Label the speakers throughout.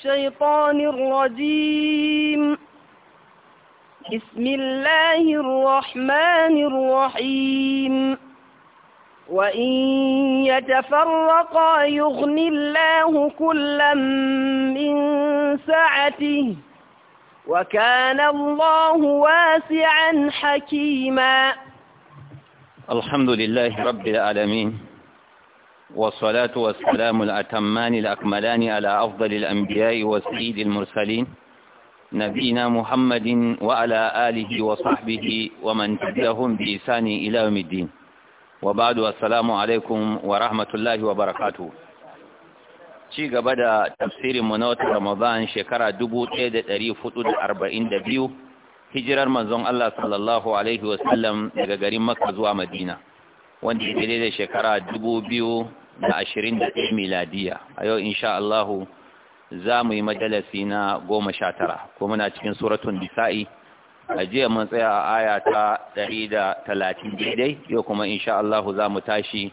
Speaker 1: الشيطان الرجيم بسم الله الرحمن الرحيم وإن يتفرقا يغن الله كلا من سعته وكان الله واسعا حكيما
Speaker 2: الحمد لله رب العالمين والصلاة والسلام الأتمان الأكملان على أفضل الأنبياء وسيد المرسلين نبينا محمد وعلى آله وصحبه ومن تبعهم بإحسان إلى يوم الدين وبعد السلام عليكم ورحمة الله وبركاته ci gaba da tafsirin mu na wata Ramadan shekara 1442 hijirar manzon Allah sallallahu alaihi wasallam daga garin Makka zuwa Madina wanda ya da shekara Na ashirin da ɗaya miladiya a yau insha Allahu za mu yi majalasi na goma sha tara ko muna cikin suratun nisa'i a jiya mun tsaya a aya ta ɗari da talatin daidai yau kuma insha Allahu za mu tashi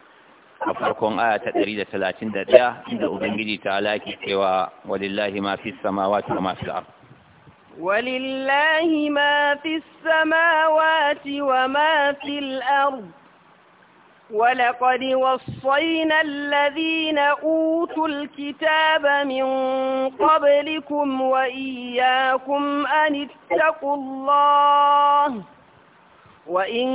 Speaker 2: a farkon aya ta ɗari da talatin da ɗaya inda ubangiji ta halaki cewa walillahi ma fi samawati wa ma fi al'ard
Speaker 1: ولله ما wa السماوات وما في الأرض ولقد وصينا الذين أوتوا الكتاب من قبلكم وإياكم أن اتقوا الله وإن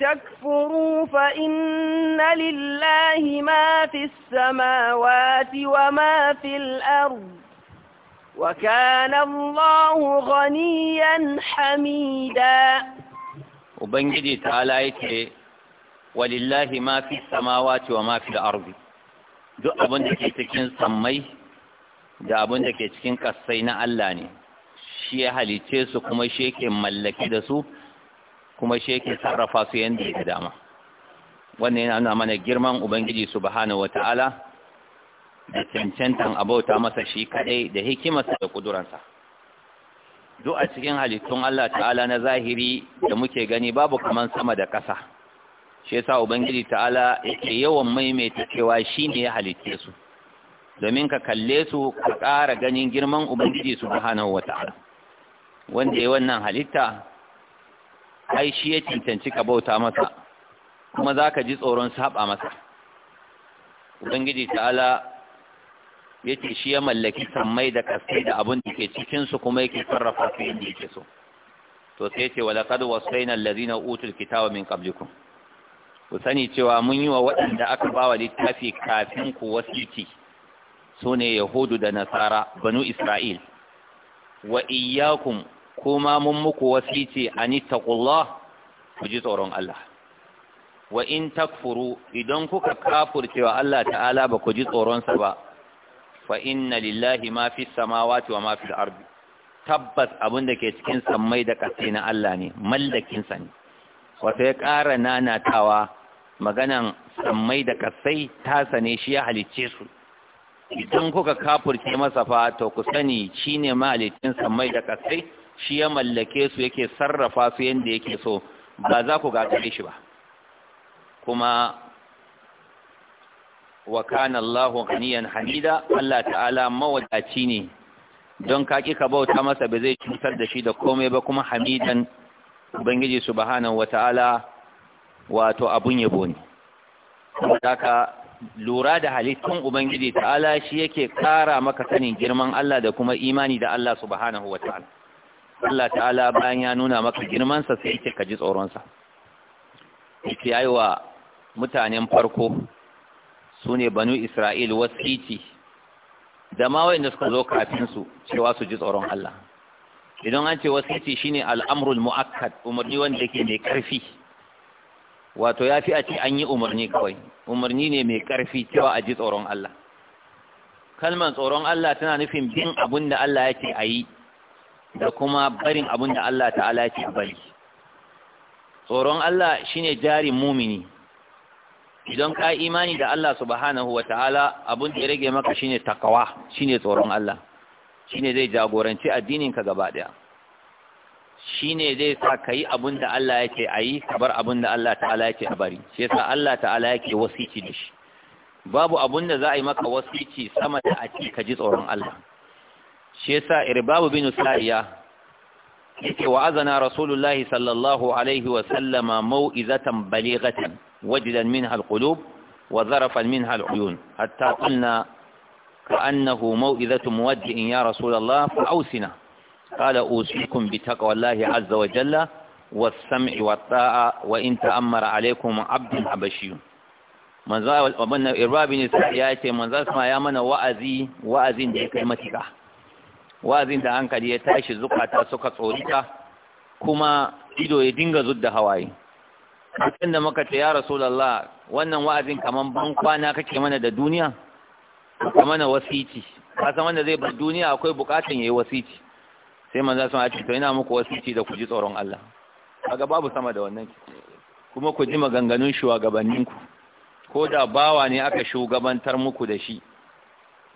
Speaker 1: تكفروا فإن لله ما في السماوات وما في الأرض وكان الله غنيا حميدا
Speaker 2: وبنجدي تعالى walillahi ma fi samawati wa ma fi al-ardi duk abin da ke cikin sammai da abin da ke cikin kasai na Allah ne shi ya halice su kuma shi yake mallaki da su kuma shi yake sarrafa su yanda ya dama wannan yana nuna mana girman ubangiji subhanahu wata'ala da cancantan abauta masa shi kadai da hikimarsa da kuduransa duk a cikin halittun Allah ta'ala na zahiri da muke gani babu kaman sama da ƙasa shi yasa ubangiji ta'ala yake yawan maimaita cewa shi ne ya halitte su domin ka kalle su ka ƙara ganin girman ubangiji subhanahu wata wanda ya wannan halitta ai shi ya cancanci ka bauta masa kuma za ka ji tsoron saba masa ubangiji ta'ala ya ce shi ya mallaki sammai da kasai da abin da ke cikinsu kuma yake sarrafa su yadda yake so to sai ce wa laqad wasayna allazina utul kitaba min qablikum ku sani cewa mun yi wa waɗanda aka ba wa littafi kafin ku wasiti su ne yahudu da nasara banu isra'il wa iyakun kuma mun muku wasiti an ittaqullah ku ji tsoron Allah wa in takfuru idan kuka kafurcewa Allah ta'ala ba ku ji tsoronsa ba fa inna lillahi ma fi samawati wa ma ardi tabbas abin da ke cikin sammai da ƙasa na Allah ne mallakinsa. ne wato ya ƙara nanatawa maganan sammai da kasai ta sane shi ya halicce su idan kuka kafurke masa fa to ku sani shi ne mahalicin sammai da kasai shi ya mallake su yake sarrafa su yadda yake so ba za ku gagare shi ba kuma wa kana Allahu ganiyan hamida Allah ta'ala mawadaci ne don ka ka bauta masa ba zai cutar da shi da komai ba kuma hamidan ubangiji subhanahu ta'ala. wato abun yabo ne ka lura da halittun ubangiji ta'ala shi yake kara maka sanin girman Allah da kuma imani da Allah subhanahu wataala Allah ta'ala bayan ya nuna maka girmansa sai yake kaji tsoronsa yake yayi wa mutanen farko su ne banu Isra'il wasiti da ma wayanda suka zo kafin su cewa su ji tsoron Allah idan an ce wasu wasiti shine al'amrul mu'akkad umarni wanda yake mai karfi wato ya fi a ce an yi umarni kawai umarni ne mai ƙarfi cewa a ji tsoron Allah kalmar tsoron Allah tana nufin bin abin da Allah ya ce a yi da kuma barin abin da Allah ta'ala ya ce a bari tsoron Allah shine jarin mumini idan ka imani da Allah subhanahu wa ta'ala abin da ya rage maka shine takawa shine tsoron Allah Shi ne zai jagoranci addininka gaba ɗaya shine zai sa ka yi abin da Allah ya ce a yi ka bar abin da Allah ta'ala ya a bari shi yasa Allah ta'ala yake wasici da shi babu abin da za a yi maka wasici sama da a ka ji tsoron Allah shi yasa irbabu bin sariya yake wa'azana rasulullahi sallallahu alaihi wa sallama mau'izatan balighatan wajdan min alqulub wa zarafan min aluyun hatta qulna كأنه موئذة ya يا رسول الله ausina. قال أوصيكم بتقوى الله عز وجل والسمع والطاعة وإن تأمر عليكم عبد حبشي manzo wannan irbabin ya ce manzo sama ya mana wa'azi wa'azin da kai matika wa'azin da hankali ya tashi zukata suka tsorita kuma ido ya dinga zudda hawaye kan da muka ce ya rasulullah wannan wa'azin kaman ban kwana kake mana da duniya kaman wasici kasan wanda zai bar duniya akwai bukatun yayi wasici sai za su ce to ina muku wasu ci da ku ji tsoron Allah kaga babu sama da wannan kuma ku ji maganganun shugabannin ku ko da bawa ne aka shugabantar muku da shi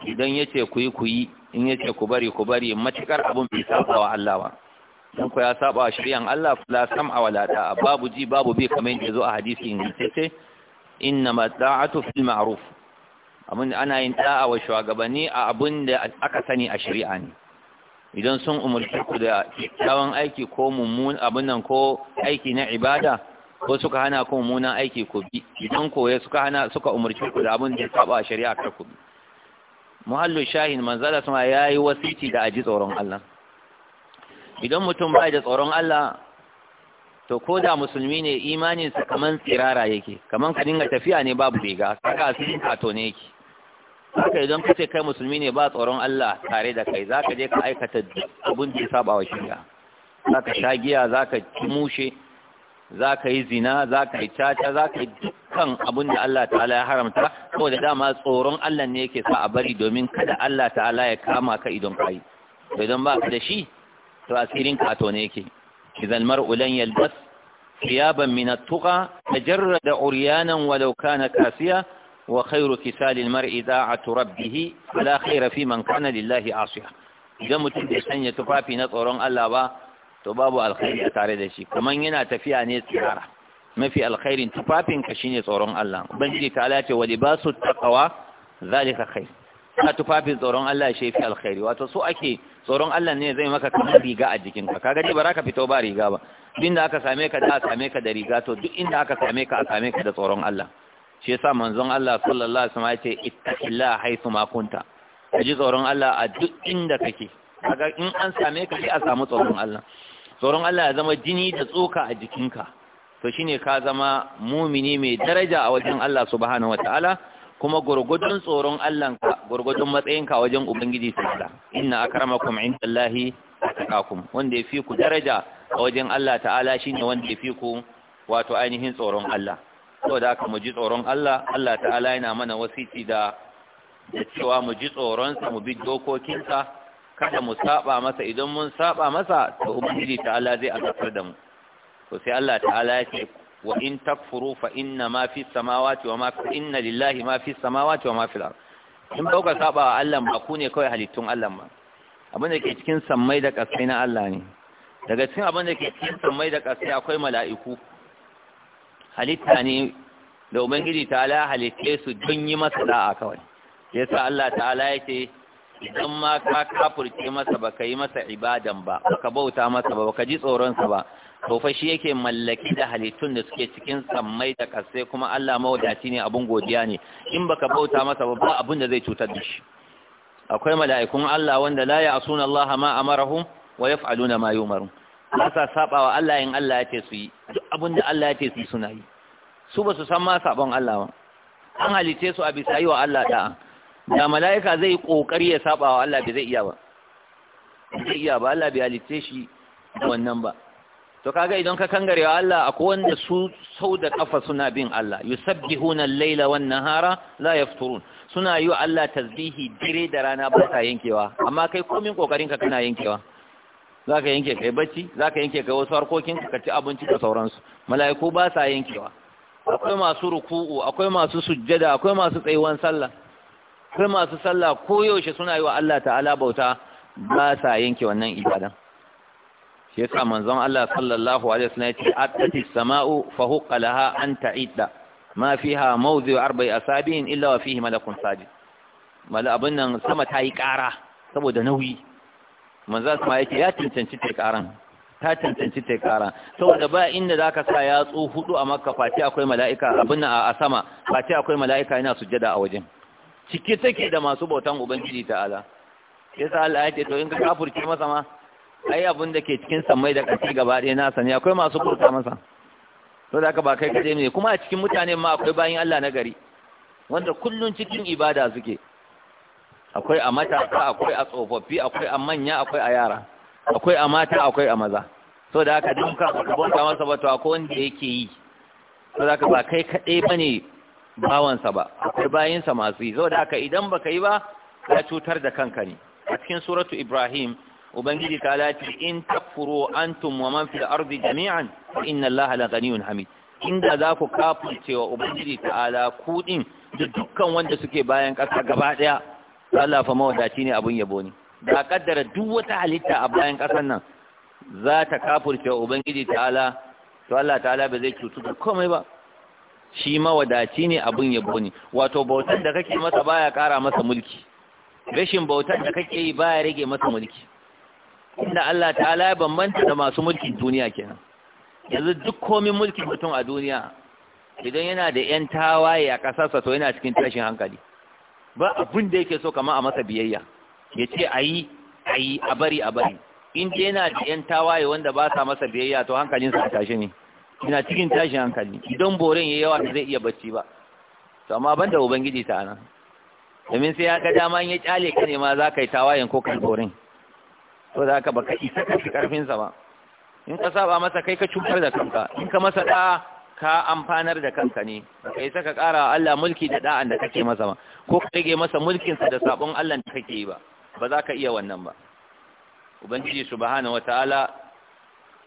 Speaker 2: idan yace ku yi ku yi in yace ku bari ku bari matakar abun bai saba wa Allah ba dan ku ya saba wa shari'an Allah la sam'a wala walata. babu ji babu bi kamar yadda zo a hadisi in ce inna mata'atu fil ma'ruf abin ana yin da'a wa shugabanni a abin da aka sani a shari'a ne idan sun umarci ku da kyakkyawan aiki ko mummun abin nan ko aiki na ibada ko suka hana ku mummunan aiki ku bi idan ya suka hana suka umarci ku da abin da ya saba a shari'a kar ku bi muhallu shahin manzala sama yayi wasiti da aji tsoron Allah idan mutum bai da tsoron Allah to ko da musulmi ne imaninsa kaman tsirara yake kaman ka dinga tafiya ne babu riga saka asirin kato ne yake haka idan ka kai musulmi ne ba tsoron Allah tare da kai zaka je ka aikata abin da ya saba wa zaka sha giya zaka mushe zaka yi zina zaka yi caca zaka yi dukkan abin da Allah ta'ala ya haramta da dama tsoron Allah ne yake sa a bari domin kada Allah ta'ala ya kama ka idan kai idan ba ka da shi to asirin ka to ne yake idan mar'u lan yalbas thiyaban min at-tuqa tajarrada uryanan walau kana kasiya وخير كسال المرء داعة ربه فلا خير في من كان لله عاصيا idan mutum bai sanya tufafi na tsoron Allah ba to babu alkhairi a tare da shi kamar yana tafiya ne tsirara mafi alkhairin tufafin ka shine tsoron Allah ubangiji ta ala ce wa libasu taqwa zalika tufafin tsoron Allah alkhairi wato so ake tsoron Allah ne zai maka kamar riga a jikinka Ka gaji ba za ka fito ba riga ba inda aka same ka da a same ka da riga to duk inda aka same ka a same ka da tsoron Allah shi yasa manzon Allah sallallahu alaihi wasallam yace ce haythu ma kunta Kaji tsoron Allah a duk inda kake kaga in an same ka sai a samu tsoron Allah tsoron Allah ya zama jini da tsoka a jikinka to shine ka zama mumini mai daraja a wajen Allah subhanahu wataala kuma gurgudun tsoron Allah ka gurgudun matsayinka a wajen ubangiji ta'ala inna akramakum indallahi atqakum wanda yafi ku daraja a wajen Allah ta'ala shine wanda yafi ku wato ainihin tsoron Allah saboda aka mu ji tsoron Allah Allah ta'ala yana mana wasiti da da cewa mu ji tsoronsa mu bi dokokinsa kada mu saba masa idan mun saba masa to ubangiji ta'ala zai azabtar da mu to sai Allah ta'ala ya ce wa in takfuru fa inna ma fi samawati wa ma fi inna lillahi ma fi samawati wa ma fi al-ard in dauka saba wa Allah ba ku ne kawai halittun Allah ba abin da ke cikin sammai da kasai na Allah ne daga cikin abin da ke cikin sammai da kasai akwai mala'iku halitta ne da ubangiji ta'ala halitta su don yi masa da'a kawai Ya sa Allah ta'ala ce, idan ma ka kafurce masa ba ka yi masa ibadan ba ba ka bauta masa ba ba ka ji tsoronsa ba to fa shi yake mallaki da halittun da suke cikin sammai da kasai kuma Allah mawadaci ne abun godiya ne in ba ka bauta masa ba ba abun da zai cutar da shi akwai mala'ikun Allah wanda la asuna Allah ma amarahum wa yaf'aluna ma yumarun ba sa wa Allah in Allah ya ce su yi duk abin da Allah ya ce su yi suna yi su ba su san ma sabon Allah ba an halice su a bisa yi wa Allah da'a da mala'ika zai kokari ya wa Allah bai zai iya ba zai iya ba Allah bai halice shi wannan ba to kaga idan ka kangare wa Allah akwai wanda su sau da kafa suna bin Allah yusabbihuna al-laila wan nahara la yafturun suna yi wa Allah tasbihi dire da rana ba ta yankewa amma kai komin kokarin ka kana yankewa za ka yanke kai bacci za ka yanke kai wasu harkokin ka ci abinci da sauransu mala'iku ba sa yankewa akwai masu ruku'u akwai masu sujjada akwai masu tsayuwan sallah akwai masu sallah ko yaushe suna yi wa Allah ta'ala bauta ba sa yanke wannan ibadan shi yasa manzon Allah sallallahu alaihi wasallam ce atati samau fa huqa laha an ta'ida ma fiha mawdhi'u arba'i asabi'in illa wa fihi malakun sajid mala abun nan sama ta yi ƙara saboda nauyi manzo kuma yake ya cancanci ta karan ta cancanci ta karan saboda ba inda zaka sa yatsu hudu a makka fati akwai mala'ika abin a sama fati akwai mala'ika yana sujjada a wajen cike take da masu bautan ubangiji ta'ala yasa Allah ya ce to in ka kafurce masa ma ai abin da ke cikin samai da ƙarfi gaba ɗaya na sani akwai masu kurta masa to da haka ba kai kaje ne kuma a cikin mutane ma akwai bayin Allah na gari wanda kullun cikin ibada suke akwai a matasa akwai a tsofaffi akwai a manya akwai a yara akwai a mata akwai a maza so da haka dinka ka bauta masa ba to akwai wanda yake yi so da haka ba kai kaɗai ba ne bawansa ba akwai bayinsa masu yi so da haka idan baka yi ba ka cutar da kanka ne a cikin suratu ibrahim ubangiji ta lati in takfuru antum wa man fil ardi jami'an fa inna allaha la ghaniyyun hamid inda za ku cewa ubangiji ta'ala ala da dukkan wanda suke bayan ƙasa gaba ɗaya Allah fa mawadaci ne abun yabo ne da kaddara duk wata halitta a bayan ƙasar nan za ta kafurce ubangiji ta'ala to Allah ta'ala ba zai cutu da komai ba shi mawadaci ne abun yabo ne wato bautar da kake masa baya ƙara masa mulki rashin bautar da kake yi baya rage masa mulki inda Allah ta'ala ya bambanta da masu mulkin duniya kenan yanzu duk komin mulkin mutum a duniya idan yana da 'yan tawaye a ƙasarsa to yana cikin tashin hankali ba abin da yake so kama a masa biyayya ya ce a yi a yi a bari a bari in dai yana da yan tawaye wanda ba sa masa biyayya to hankalin a tashi ne ina cikin tashin hankali idan boren ya yawa zai iya bacci ba to amma banda ubangiji ta nan domin sai ya ga dama ya kyale ka ne ma za ka yi tawayen ko kan boren to da haka baka isa ka fi karfinsa ba in ka saba masa kai ka cutar da kanka in ka masa da ka amfanar da kanka ne kai saka ƙara Allah mulki da da'an da kake masa ba ko ka rage masa mulkinsa da sabon Allah da kake yi ba ba za ka iya wannan ba ubangiji subhanahu wataala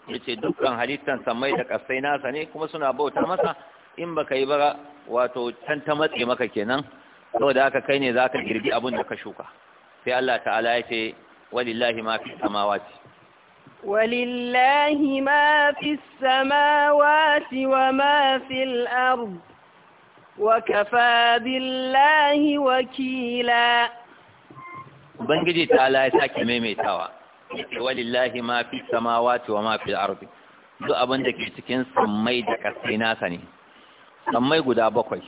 Speaker 2: yace dukkan halittan samai da kasai nasa ne kuma suna bauta masa in baka yi ba wato can ta matse maka kenan saboda haka kai ne zaka girbi abun da ka shuka sai Allah ta'ala yace walillahi ma fi samawati
Speaker 1: ولله ما في السماوات وما في الأرض وكفى بالله وكيلا
Speaker 2: بنجي تعالى يساكي ميميتاوا ولله ما في السماوات وما في الأرض duk abin da ke cikin sammai da ƙasai ne sammai guda bakwai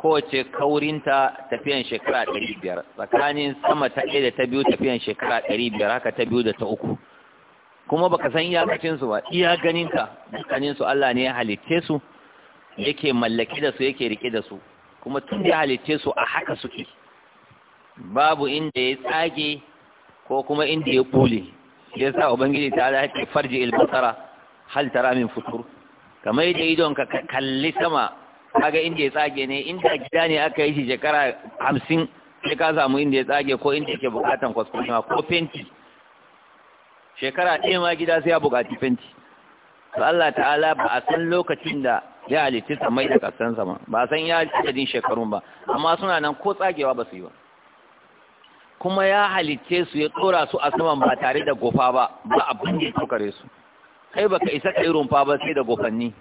Speaker 2: kowace kaurinta tafiyan shekara ɗari biyar tsakanin sama ta ɗaya da ta biyu tafiyan shekara ɗari biyar haka ta biyu da ta uku kuma baka san iyakacin su ba iya ganinka dukkanin su Allah ne ya halitte su yake mallake da su yake rike da su kuma tun da ya halitte su a haka suke babu inda ya tsage ko kuma inda ya bule yasa ubangiji ta Allah yake farji al-basara hal tara min futur kamar yadda idon ka kalli sama kaga inda ya tsage ne inda gida ne aka yi shi shekara hamsin sai ka samu inda ya tsage ko inda yake bukatan kwaskwarima ko fenti shekara ɗaya ma gida sai ya buƙaci fenti to Allah ta'ala ba a san lokacin da ya halitti samai da kasan sama ba san ya adadin shekarun ba amma suna nan ko tsagewa ba su yi ba kuma ya halicce su ya tsora su a saman ba tare da gofa ba ba abin da ya tukare su kai baka isa kai rumfa ba sai da gofanni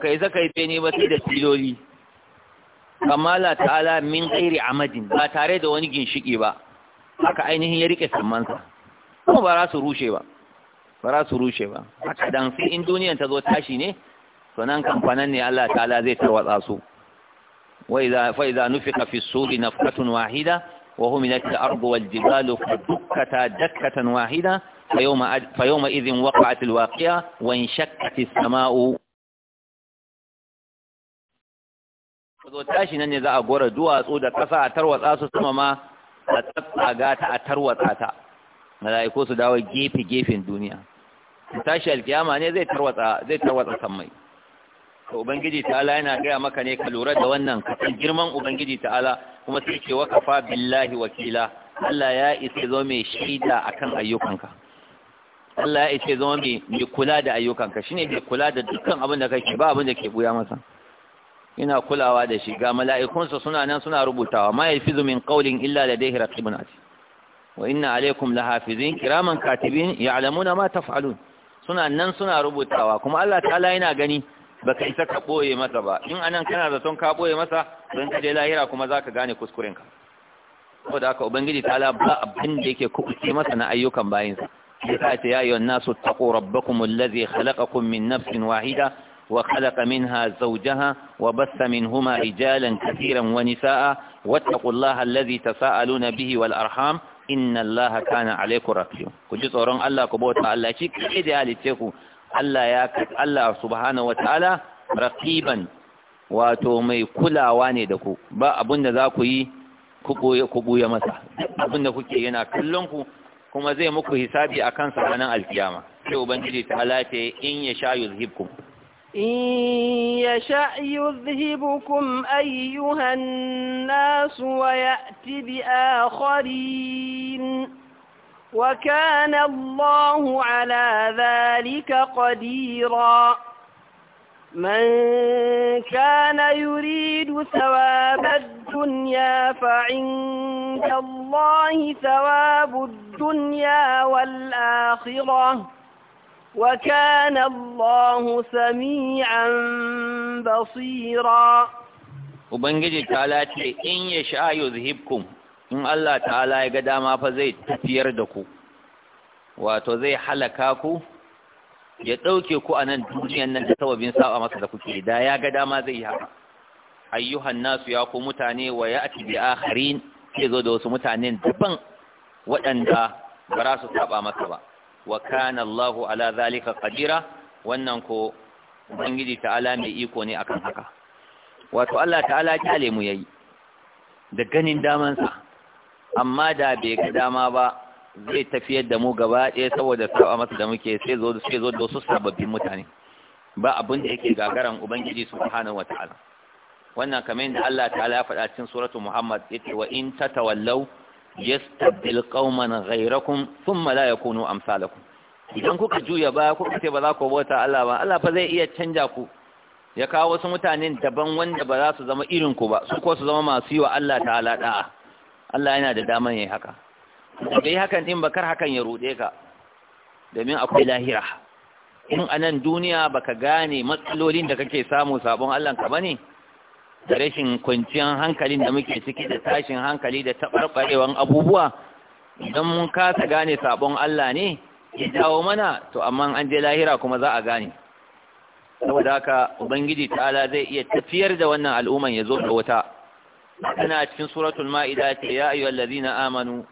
Speaker 2: ka isa kai bene ba sai da filoli kamala ta'ala min ghairi amadin ba tare da wani ginshiki ba haka ainihin ya rike samansa kuma ba za su rushe ba ba za su rushe ba haka dan sai in duniyan ta zo tashi ne sanan kamfanan ne Allah ta'ala zai tarwatsa su wa idza fa idza nufika fi suri nafqatun wahida wa humilat al-ardu wal jibalu fadukkata dakkatan wahida waqa'at al-waqi'a wa الواقعة as-sama'u zo tashi nan ne za a gora duwatsu da kasa a tarwatsa su sama ma a tsatsaga ta a tarwatsa ta malaiko su dawo gefe gefen duniya tashi alkiyama ne zai tarwatsa zai tarwatsa sammai to ubangiji ta'ala yana gaya maka ne ka lura da wannan kasan girman ubangiji ta'ala kuma sai ce wa kafa billahi wakila Allah ya isa zo mai shida akan ayyukanka Allah ya isa zo mai mai kula da ayyukanka shine mai kula da dukkan abin da kake ba abin da ke buya masa ina kulawa da shi ga mala'ikunsa suna nan suna rubutawa ma yafizu min qawlin illa ladayhi raqibun atid wa inna alaikum lahafizin kiraman katibin ya'lamuna ma taf'alun suna nan suna rubutawa kuma Allah ta'ala yana gani baka isa ka boye masa ba in anan kana zaton ka boye masa don ka je lahira kuma zaka gane kuskurenka saboda haka ubangiji ta'ala ba abin da yake kuɓuce masa na ayyukan bayansa. sai ta ya ayyuhan nasu taqu rabbakum allazi khalaqakum min nafsin wahida wa min وخلق منها huma وبث منهما wani sa'a. ونساء واتقوا الله الذي تساءلون wal arham. inna Allah kana alaiku raqiba ku ji tsoron Allah ku bauta Allah shi kai da halice ku Allah ya Allah subhanahu wataala raqiban wato mai kulawa ne da ku ba abinda za ku yi ku buya masa abinda kuke yana kallon ku kuma zai muku hisabi akan sa alkiyama sai ubangiji ta halace in ya sha yuzhibkum
Speaker 1: إن يشأ يذهبكم أيها الناس ويأت بآخرين وكان الله على ذلك قديرا من كان يريد ثواب الدنيا فعند الله ثواب الدنيا والآخرة وكان الله سميعا بصيرا
Speaker 2: ubangiji ta'ala ce in ya sha yuzhibkum in Allah ta'ala ya ga dama fa zai tafiyar da ku wato zai halaka ku ya dauke ku anan duniyan nan da sababin saba masa da kuke da ya ga dama zai yi haka ayyuhan nasu ya ku mutane wa ya'ti bi akharin sai zo da wasu mutanen daban waɗanda ba za su saba masa ba wa kana Allahu ala zalika qadira wannan ko ubangiji ta'ala mai iko ne akan haka wato Allah ta'ala kyale mu yayi da ganin damansa amma da bai ga dama ba zai tafiyar da mu gaba ɗaya saboda saba masa da muke sai zo sai zo da wasu sababbin mutane ba abin da yake gagaran ubangiji subhanahu wata'ala wannan kamar yadda Allah ta'ala ya faɗa cikin suratul Muhammad yace wa in tawallau. yastabdil qauman ghayrakum thumma la yakunu amsalakum idan kuka juya baya kuka ce ba za ku bauta Allah ba Allah fa zai iya canja ku ya kawo wasu mutanen daban wanda ba za su zama irin ku ba su ko su zama masu yi wa Allah ta'ala da'a Allah yana da daman yayi haka da yi hakan din bakar hakan ya rude ka domin akwai lahira in anan duniya baka gane matsalolin da kake samu sabon Allah ka bane da rashin kwanciyar hankalin da muke ciki da tashin hankali da taɓarɓarewan abubuwa idan mun kasa gane sabon Allah ne ya jawo mana to amma an je lahira kuma za a gane saboda haka ubangiji ta'ala zai iya tafiyar da wannan al'umman ya zo da wata tana cikin suratul ma'ida ce ya ayyuhal ladina amanu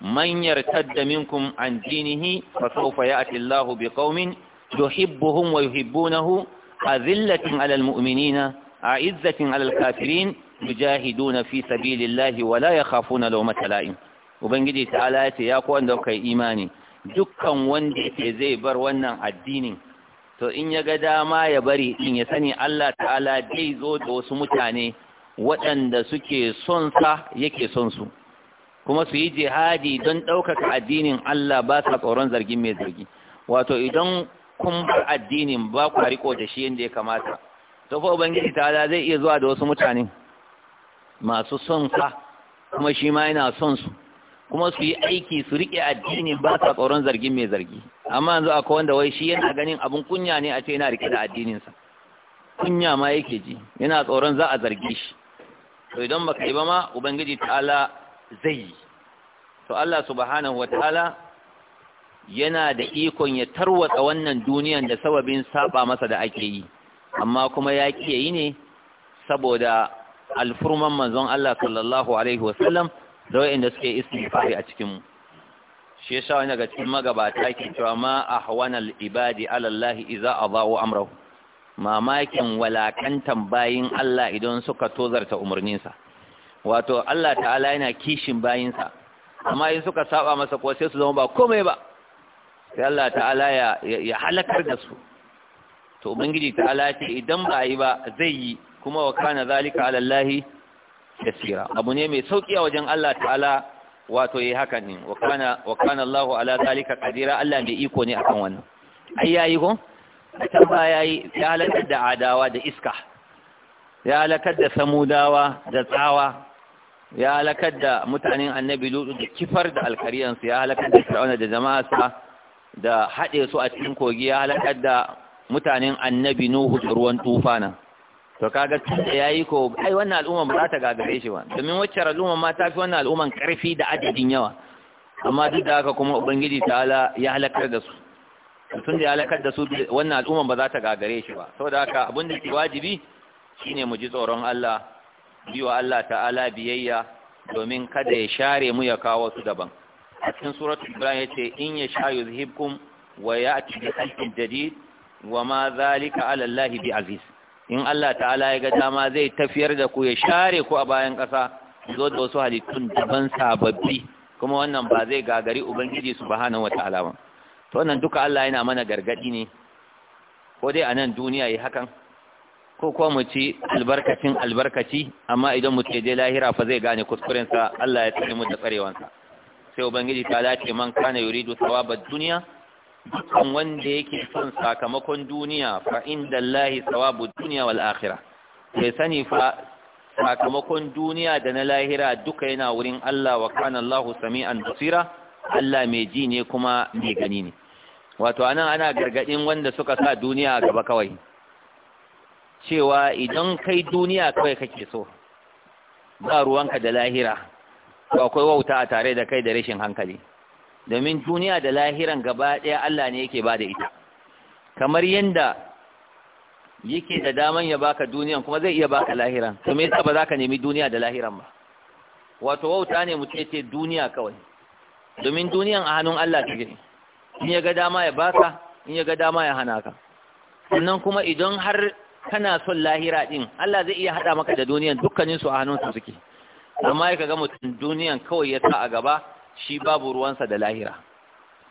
Speaker 2: man yartadda minkum an dinihi fa sawfa ya'ti Allahu biqaumin yuhibbuhum wa yuhibbunahu azillatin 'alal mu'minina a'izzatin alal kafirin yujahiduna fi sabilillahi wa na yakhafuna lawmata la'im ubangiji ta'ala ya ce ya ku kai imani dukkan wanda yake zai bar wannan addinin to in ya ga dama ya bari in ya sani Allah ta'ala zai zo da wasu mutane waɗanda suke son sa yake son su kuma su yi jihadi don ɗaukaka addinin Allah ba sa tsoron zargin mai zargi wato idan kun bar addinin ba ku riko da shi yadda ya kamata to fa ubangiji ta'ala zai iya zuwa da wasu mutane masu son sa kuma shi ma yana son su kuma su yi aiki su riƙe addini ba sa tsoron zargin mai zargi amma yanzu akwai wanda wai shi yana ganin abin kunya ne a ce yana riƙe da addininsa kunya ma yake ji yana tsoron za a zarge shi to idan baka yi ba ma ubangiji ta'ala zai yi to Allah subhanahu ta'ala yana da ikon ya tarwatsa wannan duniyan da sababin saba masa da ake yi amma kuma ya ƙi yi ne saboda alfurman manzon Allah sallallahu alaihi wasallam da wa'inda suke fari a cikin mu shi yasa wani daga cikin magabata ke cewa ma a al-ibadi ala Allah idza adaa'u amrahu mamakin walakantan bayin Allah idan suka tozarta umarninsa wato Allah ta'ala yana kishin bayinsa amma in suka saba masa ko sai su zama ba komai ba sai Allah ta'ala ya halakar da su to ubangiji ta alace idan ba yi ba zai yi kuma wa kana zalika ala ya yasira abu ne mai sauki a wajen Allah ta'ala wato yi hakan ne wa kana wa kana Allahu ala zalika qadira Allah mai iko ne akan wannan ai yayi ko san ba yayi ya halakar da adawa da iska ya halakar da samudawa da tsawa ya halakar da mutanen annabi lutu da kifar da alkariyansu ya halakar da fir'auna da jama'arsa da haɗe su a cikin kogi ya halakar da mutanen annabi nuhu da ruwan tufana to kaga tunda yayi ko ai wannan al'umma ba za ta gagare shi ba domin wacce al'umma ma ta fi wannan al'umman karfi da adadin yawa amma duk da haka kuma ubangiji ta'ala ya halakar da su tun da ya halakar da su wannan al'umma ba za ta gagare shi ba saboda haka abin da ke wajibi shine mu ji tsoron Allah biwa Allah ta'ala biyayya domin kada ya share mu ya kawo su daban a cikin suratul ibrahim yace in ya sha yuzhibkum wa ya'ti bi khalqin jadid wa ma zalika ala Allah bi aziz in Allah ta'ala ya ga dama zai tafiyar da ku ya share ku a bayan ƙasa zo da wasu halittun daban sababbi kuma wannan ba zai gagari ubangiji subhanahu wata'ala ba to wannan duka Allah yana mana gargadi ne ko dai a nan duniya yi hakan ko kuma mu ci albarkacin albarkaci amma idan mu ce dai lahira fa zai gane kuskuren sa Allah ya tsare mu da tsarewansa sai ubangiji ta lace man kana yuridu thawaba dunya dukkan wanda yake son sakamakon duniya fa inda Allahi sawabu duniya wal akhira bai sani fa sakamakon duniya da na lahira duka yana wurin Allah wa kana Allah sami'an basira Allah mai ji ne kuma mai gani ne wato anan ana gargadin wanda suka sa duniya gaba kawai cewa idan kai duniya kawai kake so ba ruwanka da lahira akwai wauta a tare da kai da rashin hankali domin duniya da lahiran gaba ɗaya Allah ne yake ba da ita kamar yadda yake da daman ya baka duniyan kuma zai iya baka lahiran to me yasa ba za ka nemi duniya da lahiran ba wato wauta ne mu ce duniya kawai domin duniyan a hannun Allah take ne in ya ga dama ya baka in ya ga dama ya hana ka sannan kuma idan har kana son lahira din Allah zai iya hada maka da duniyan dukkanin su a hannun su suke amma ya kaga mutum duniyan kawai ya sa a gaba shi babu ruwansa da lahira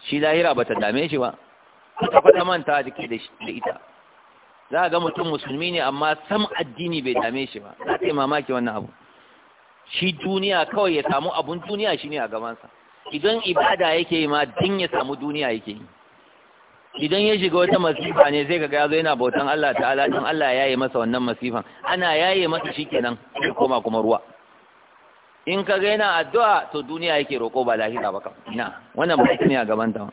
Speaker 2: shi lahira bata dame shi ba ta fata manta da ita za a ga mutum musulmi ne amma sam addini bai dame shi ba za ta yi mamaki wannan abu shi duniya kawai ya samu abun duniya shine a gabansa idan ibada yake yi ma din ya samu duniya yake yi idan ya shiga wata masifa ne zai kaga zo yana bautan Allah ta'ala don Allah ya yi masa wannan masifan ana yaye masa shikenan sai koma kuma ruwa in ka ga yana addu'a to duniya yake roƙo ba lahira ba ina wannan ba ne a gaban ta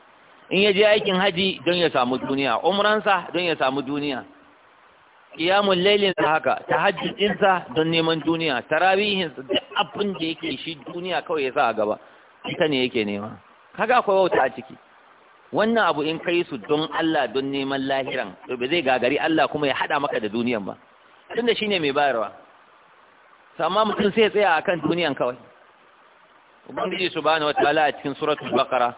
Speaker 2: in ya je aikin haji don ya samu duniya umransa don ya samu duniya qiyamul lailin sa haka tahajjudin sa don neman duniya tarawihin sa duk abin da yake shi duniya kawai ya sa a gaba ita ne yake nema kaga akwai wauta a ciki wannan abu in kai su don Allah don neman lahiran to ba zai gagari Allah kuma ya hada maka da duniyan ba tunda shine mai bayarwa amma mutum sai ya tsaya kan duniyan kawai ubangiji su bani wata ala a cikin suratul bakara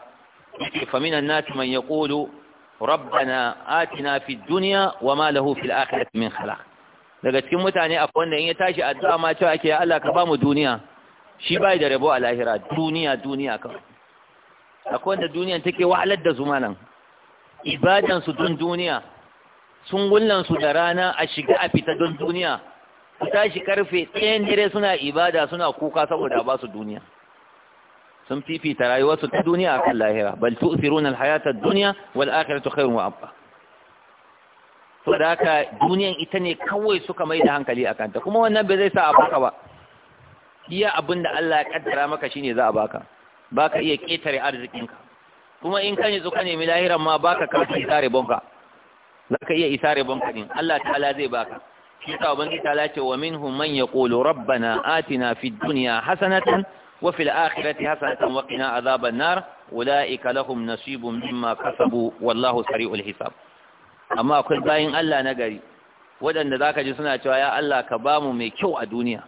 Speaker 2: yake faminan nati man yaqulu rabbana atina duniya wa ma lahu fil akhirati min khalaq daga cikin mutane akwai wanda in ya tashi addu'a ma cewa ake ya Allah ka bamu duniya shi bai da rabo a lahira duniya duniya kawai akwai wanda duniyan take wahalar da zumanan ibadan su don duniya sun gullan su da rana a shiga a fita don duniya su tashi karfe ɗayan dare suna ibada suna kuka saboda ba su duniya sun fifita rayuwarsu ta duniya akan lahira bal tu'thirun al-hayata ad-dunya wal akhiratu khairun wa abqa
Speaker 1: saboda haka
Speaker 2: duniyan ita ne kawai suka mai da hankali akan ta kuma wannan bai zai sa a baka ba iya abin da Allah ya kaddara maka shine za a baka baka iya ketare arzikinka kuma in kane zuka ka nemi lahiran ma baka kafi sare bonka zaka iya isare bonka din Allah ta'ala zai baka shi yasa ubangiji ta lace wa minhum man yaqulu rabbana atina fid dunya hasanatan wa fil akhirati hasanatan wa qina adhaban nar ulaika lahum nasibun mimma kasabu wallahu sari'ul hisab amma akwai bayin Allah na gari waɗanda zaka ji suna cewa ya Allah ka bamu mai kyau a duniya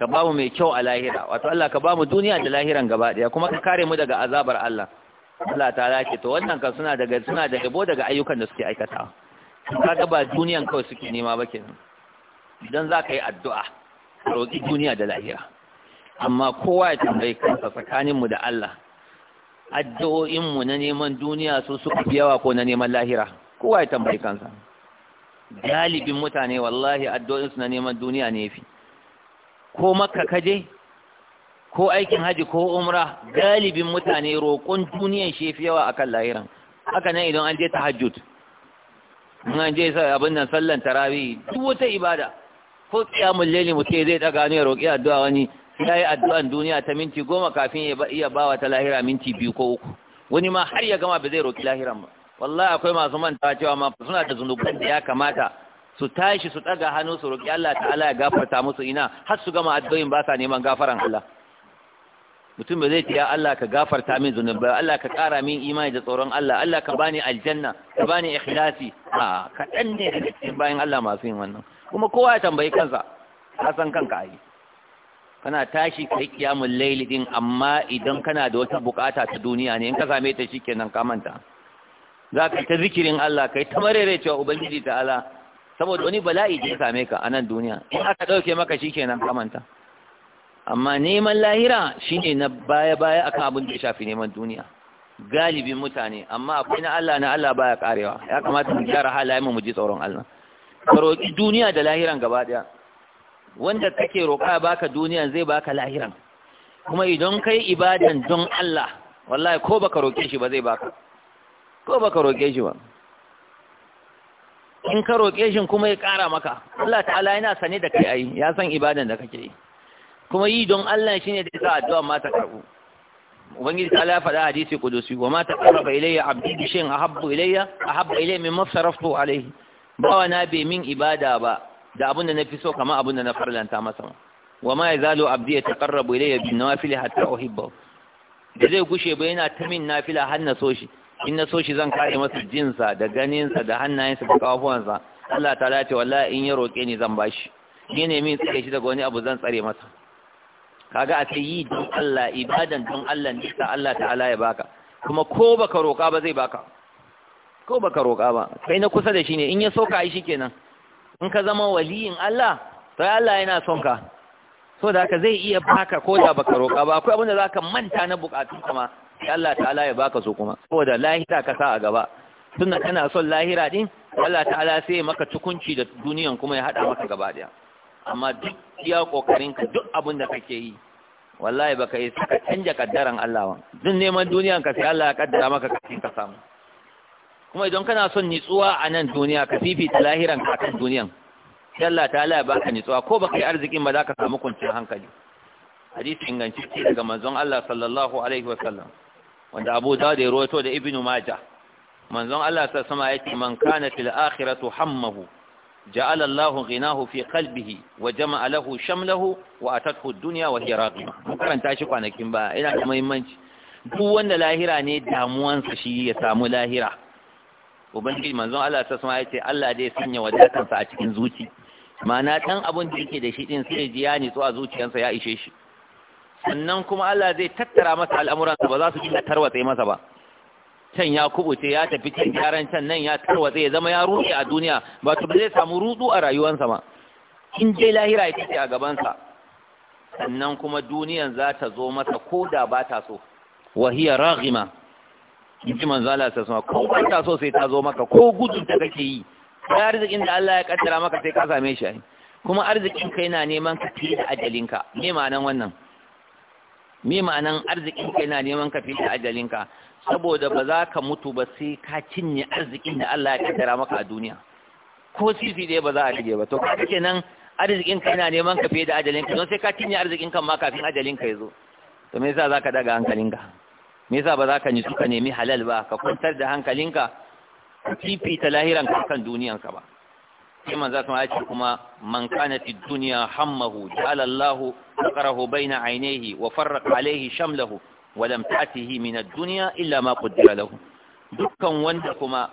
Speaker 2: ka bamu mai kyau a lahira wato Allah ka bamu duniya da lahiran gaba daya kuma ka kare mu daga azabar Allah Allah ta lace to wannan kan suna daga suna da yabo daga ayyukan da suke aikatawa kaga ba duniyan kawai suke nema ba kenan idan za ka yi addu'a roƙi duniya da lahira amma kowa ya tambayi kansa tsakaninmu da Allah addu'o'inmu na neman duniya su suka fi yawa ko na neman lahira kowa ya tambayi kansa galibin mutane wallahi addu'o'insu na neman duniya ne fi ko makka kaje ko aikin haji ko umra galibin mutane roƙon duniyan shi fi yawa akan lahiran haka nan idan an je tahajjud Muna je je abin nan sallan tarawih duk wata ibada ko qiyamul layli mutai zai daga ne roƙi addu'a wani sai addu'an duniya ta minti goma kafin ya iya bawa ta lahira minti biyu ko uku wani ma har ya gama ba zai roƙi lahiran ba wallahi akwai masu manta cewa ma suna da zunuban da ya kamata su tashi su daga hannu su roƙi Allah ta'ala ya gafarta musu ina har su gama addu'o'in ba sa neman gafaran Allah mutum ba zai ce ya Allah ka gafarta min zunubai Allah ka ƙara min imani da tsoron Allah Allah ka bani aljanna ka bani ikhlasi a kaɗan ne da cikin bayan Allah masu yin wannan kuma kowa ya tambayi kansa ka san kanka ai kana tashi ka yi kiyamul layli din amma idan kana da wata bukata ta duniya ne in ka same ta shikenan ka manta za ka ta zikirin Allah kai ta cewa ubangiji ta'ala saboda wani bala'i ya same ka a nan duniya in aka ɗauke maka shikenan ka manta amma neman lahira shine na baya-baya akan abin da ya shafi neman duniya galibin mutane amma akwai na Allah na Allah baya karewa ya kamata mu gyara halaye mu ji tsoron Allah ka roki duniya da lahiran gaba daya wanda take roƙa baka duniya zai baka lahiran kuma idan kai ibadan don Allah wallahi ko baka roke shi ba zai baka ko baka roke shi ba in ka roke shi kuma ya ƙara maka Allah ta'ala yana sane da kai ai ya san ibadan da kake yi kuma yi don Allah ne da sa addu'a ma ta karbu ubangiji ta Allah faɗa hadisi kudusi wa ma taqarraba ilayya abdi bi shay'in ahabbu ilayya ahabbu ilayya mimma saraftu alayhi bawa na bai min ibada ba da abin da fi so kamar abin da na farlanta masa wa ma yazalu abdi yataqarrabu ilayya bin nawafil hatta uhibbu da zai gushe ba yana ta min nafila har na so shi in na so shi zan kare masa jinsa da ganinsa da hannayensa da kafafuwansa Allah ta ce wallahi in ya roƙe ni zan bashi ni ne min tsare shi daga wani abu zan tsare masa kaga a ce yi don Allah ibadan don Allah ne ka Allah ta'ala ya baka kuma ko baka roƙa ba zai baka ko baka roƙa ba kai na kusa da shi ne in ya so ka yi shikenan in ka zama waliyin Allah sai Allah yana son ka so da haka zai iya baka ko da baka roƙa ba akwai abin da zaka manta na bukatun kuma sai Allah ta'ala ya baka su kuma saboda lahira ka sa a gaba tunda kana son lahira din Allah ta'ala sai maka tukunci da duniyan kuma ya hada maka gaba daya amma duk iya kokarin ka duk abin da kake yi wallahi baka yi saka canja kaddaran Allah ba duk neman duniyan ka sai Allah ya kaddara maka kafin ka samu kuma idan kana son nitsuwa a nan duniya ka fifita lahiran ka kan duniyan sai Allah ta'ala ya baka nitsuwa ko baka yi arzikin ba za ka samu kwanciyar hankali hadisi ingantacce daga manzon Allah sallallahu alaihi wasallam wanda Abu Dawud ya rawaito da Ibn Majah manzon Allah sallallahu alaihi wasallam ce man kana fil akhiratu hammahu جعل الله غناه في قلبه وجمع له شمله واتته الدنيا وهي راغمه kan tashi kwanakin ba ina da muhimmanci duk wanda lahira ne damuwansa shi ya samu lahira ubangiji manzon Allah ta sama yace Allah dai sanya wadatarsa a cikin zuci ma'ana dan abun da yake da shi din sai ji ya zuwa a zuciyarsa ya ishe shi sannan kuma Allah zai tattara masa al'amuransa ba za su ji tarwatsa masa ba can ya kubuce ya tafi can gyaran can nan ya tarwatsa ya zama ya ruɗe a duniya ba to zai samu rutsu a rayuwarsa ma in je lahira ya tafi a gabansa sannan kuma duniyan za ta zo masa ko da ba ta so wa hiya raghima ji manzo Allah ta sama ko ba ta so sai ta zo maka ko gudun ta kake yi Ya arzikin da Allah ya kaddara maka sai ka same shi kuma arzikin kai na neman ka da ajalinka me ma'anan wannan mi ma'anan arzikin ka yana neman ka fita ajalinka saboda ba za ka mutu ba sai ka cinye arzikin da Allah ya kaddara maka a duniya ko sisi dai ba za a rige ba to kaga kenan arzikin ka yana neman ka fita ajalinka don sai ka cinye arzikin kan ma kafin ajalinka ya yazo to me yasa za ka daga hankalinka me yasa ba za ka nitsu ka nemi halal ba ka kwantar da hankalinka ka fifita lahiran kan duniyanka ba sai manzo sama ya ce kuma man kana fi duniya hammahu ja'ala Allah faqrahu baina ainihi wa farraqa alayhi shamlahu wadam lam ta'tihi min ad duniya illa ma jira lahu dukkan wanda kuma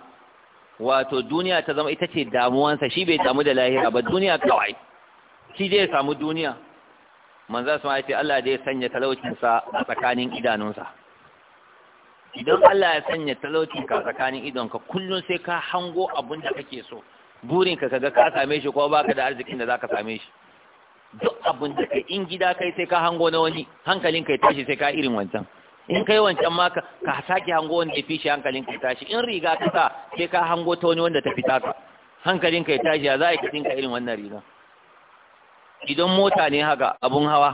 Speaker 2: wato duniya ta zama ita ce damuwansa shi bai damu da lahira ba duniya kawai shi zai samu duniya za su ma ce Allah zai sanya talaucinsa a tsakanin idanunsa idan Allah ya sanya talauci ka tsakanin idonka kullum sai ka hango abin da kake so burin ka kaga ka same shi ko baka da arzikin da zaka same shi duk abin da kai in gida kai sai ka hango na wani hankalin kai tashi sai ka irin wancan in kai wancan ma ka sake hango wanda ya fi shi hankalin kai tashi in riga ka sa sai ka hango ta wani wanda ta fita ka hankalin kai tashi ya za a yi ka irin wannan riga idan mota ne haka abun hawa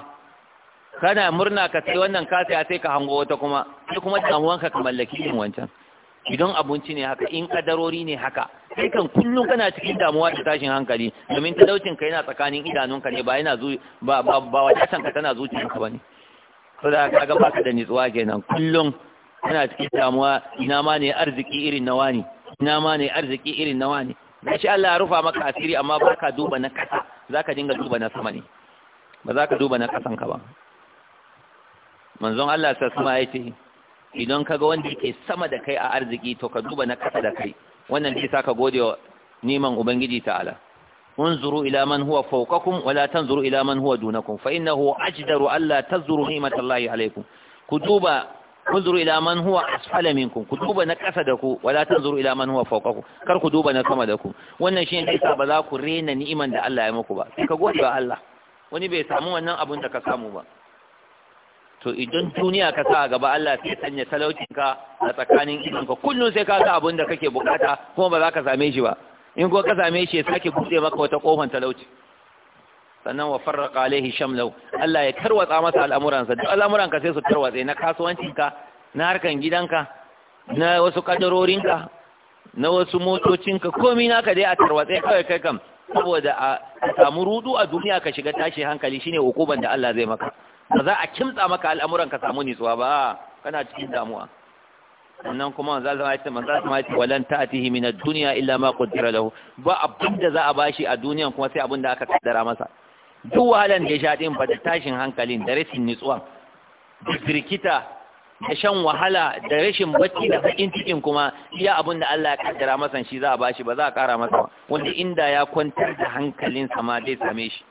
Speaker 2: kana murna ka sai wannan ka sai ka hango wata kuma sai kuma damuwanka ka mallaki irin wancan idan abinci ne haka in kadarori ne haka kai kan kullum kana cikin damuwa da tashin hankali domin talaucin ka yana tsakanin idanunka ne ba yana ba ba, ba wadatan ka tana ka bane saboda da kaga baka da nitsuwa kenan kullum kana cikin damuwa ina ma ne arziki irin nawa ne ina ma ne arziki irin nawa ne shi Allah ya rufa maka asiri amma baka duba na kasa zaka dinga duba na sama ne ba za ka duba na kasan ka ba manzon Allah sai kuma yace idan kaga wanda yake sama da kai a arziki to ka duba na kasa da kai wannan zai saka gode wa niman ubangiji ta'ala unzuru ila man huwa fawqakum wa la tanzuru ila man huwa dunakum fa innahu ajdaru alla tazuru ni'matallahi alaykum ku duba unzuru ila man huwa asfala minkum ku duba na kasa da ku wa la tanzuru ila man huwa fawqakum kar ku duba na sama da ku wannan shine zai sa ba za ku rena ni'iman da Allah ya muku ba sai ka gode wa Allah wani bai samu wannan abun da ka samu ba to idan duniya ka sa gaba Allah sai sanya talaucinka a tsakanin ka kullum sai ka ga abun da kake bukata kuma ba za ka same shi ba in ko ka same shi ya sake buɗe maka wata kofan talauci sannan wa farraqa alaihi shamlau Allah ya karwatsa masa al'amuransa duk al'amuranka sai su tarwatse na kasuwancinka na harkan gidanka na wasu kadarorinka na wasu motocinka komai naka dai a tarwatse kawai kai kam saboda a samu rudu a duniya ka shiga tashi hankali shine hukuban da Allah zai maka ba za a kimtsa maka al'amuran ka samu nisuwa ba kana cikin damuwa sannan kuma manzo Allah ya ce manzo Allah ya walan ta'tihi min ad-dunya illa ma qaddara lahu ba abin da za a bashi a duniyan kuma sai abin da aka kaddara masa duk wahalan da ya sha din ba da tashin hankalin da rashin nitsuwa da firkita da shan wahala da rashin bacci da bakin cikin kuma iya abin da Allah ya kaddara masa shi za a bashi ba za a kara masa wanda inda ya kwantar da hankalin sa ma zai same shi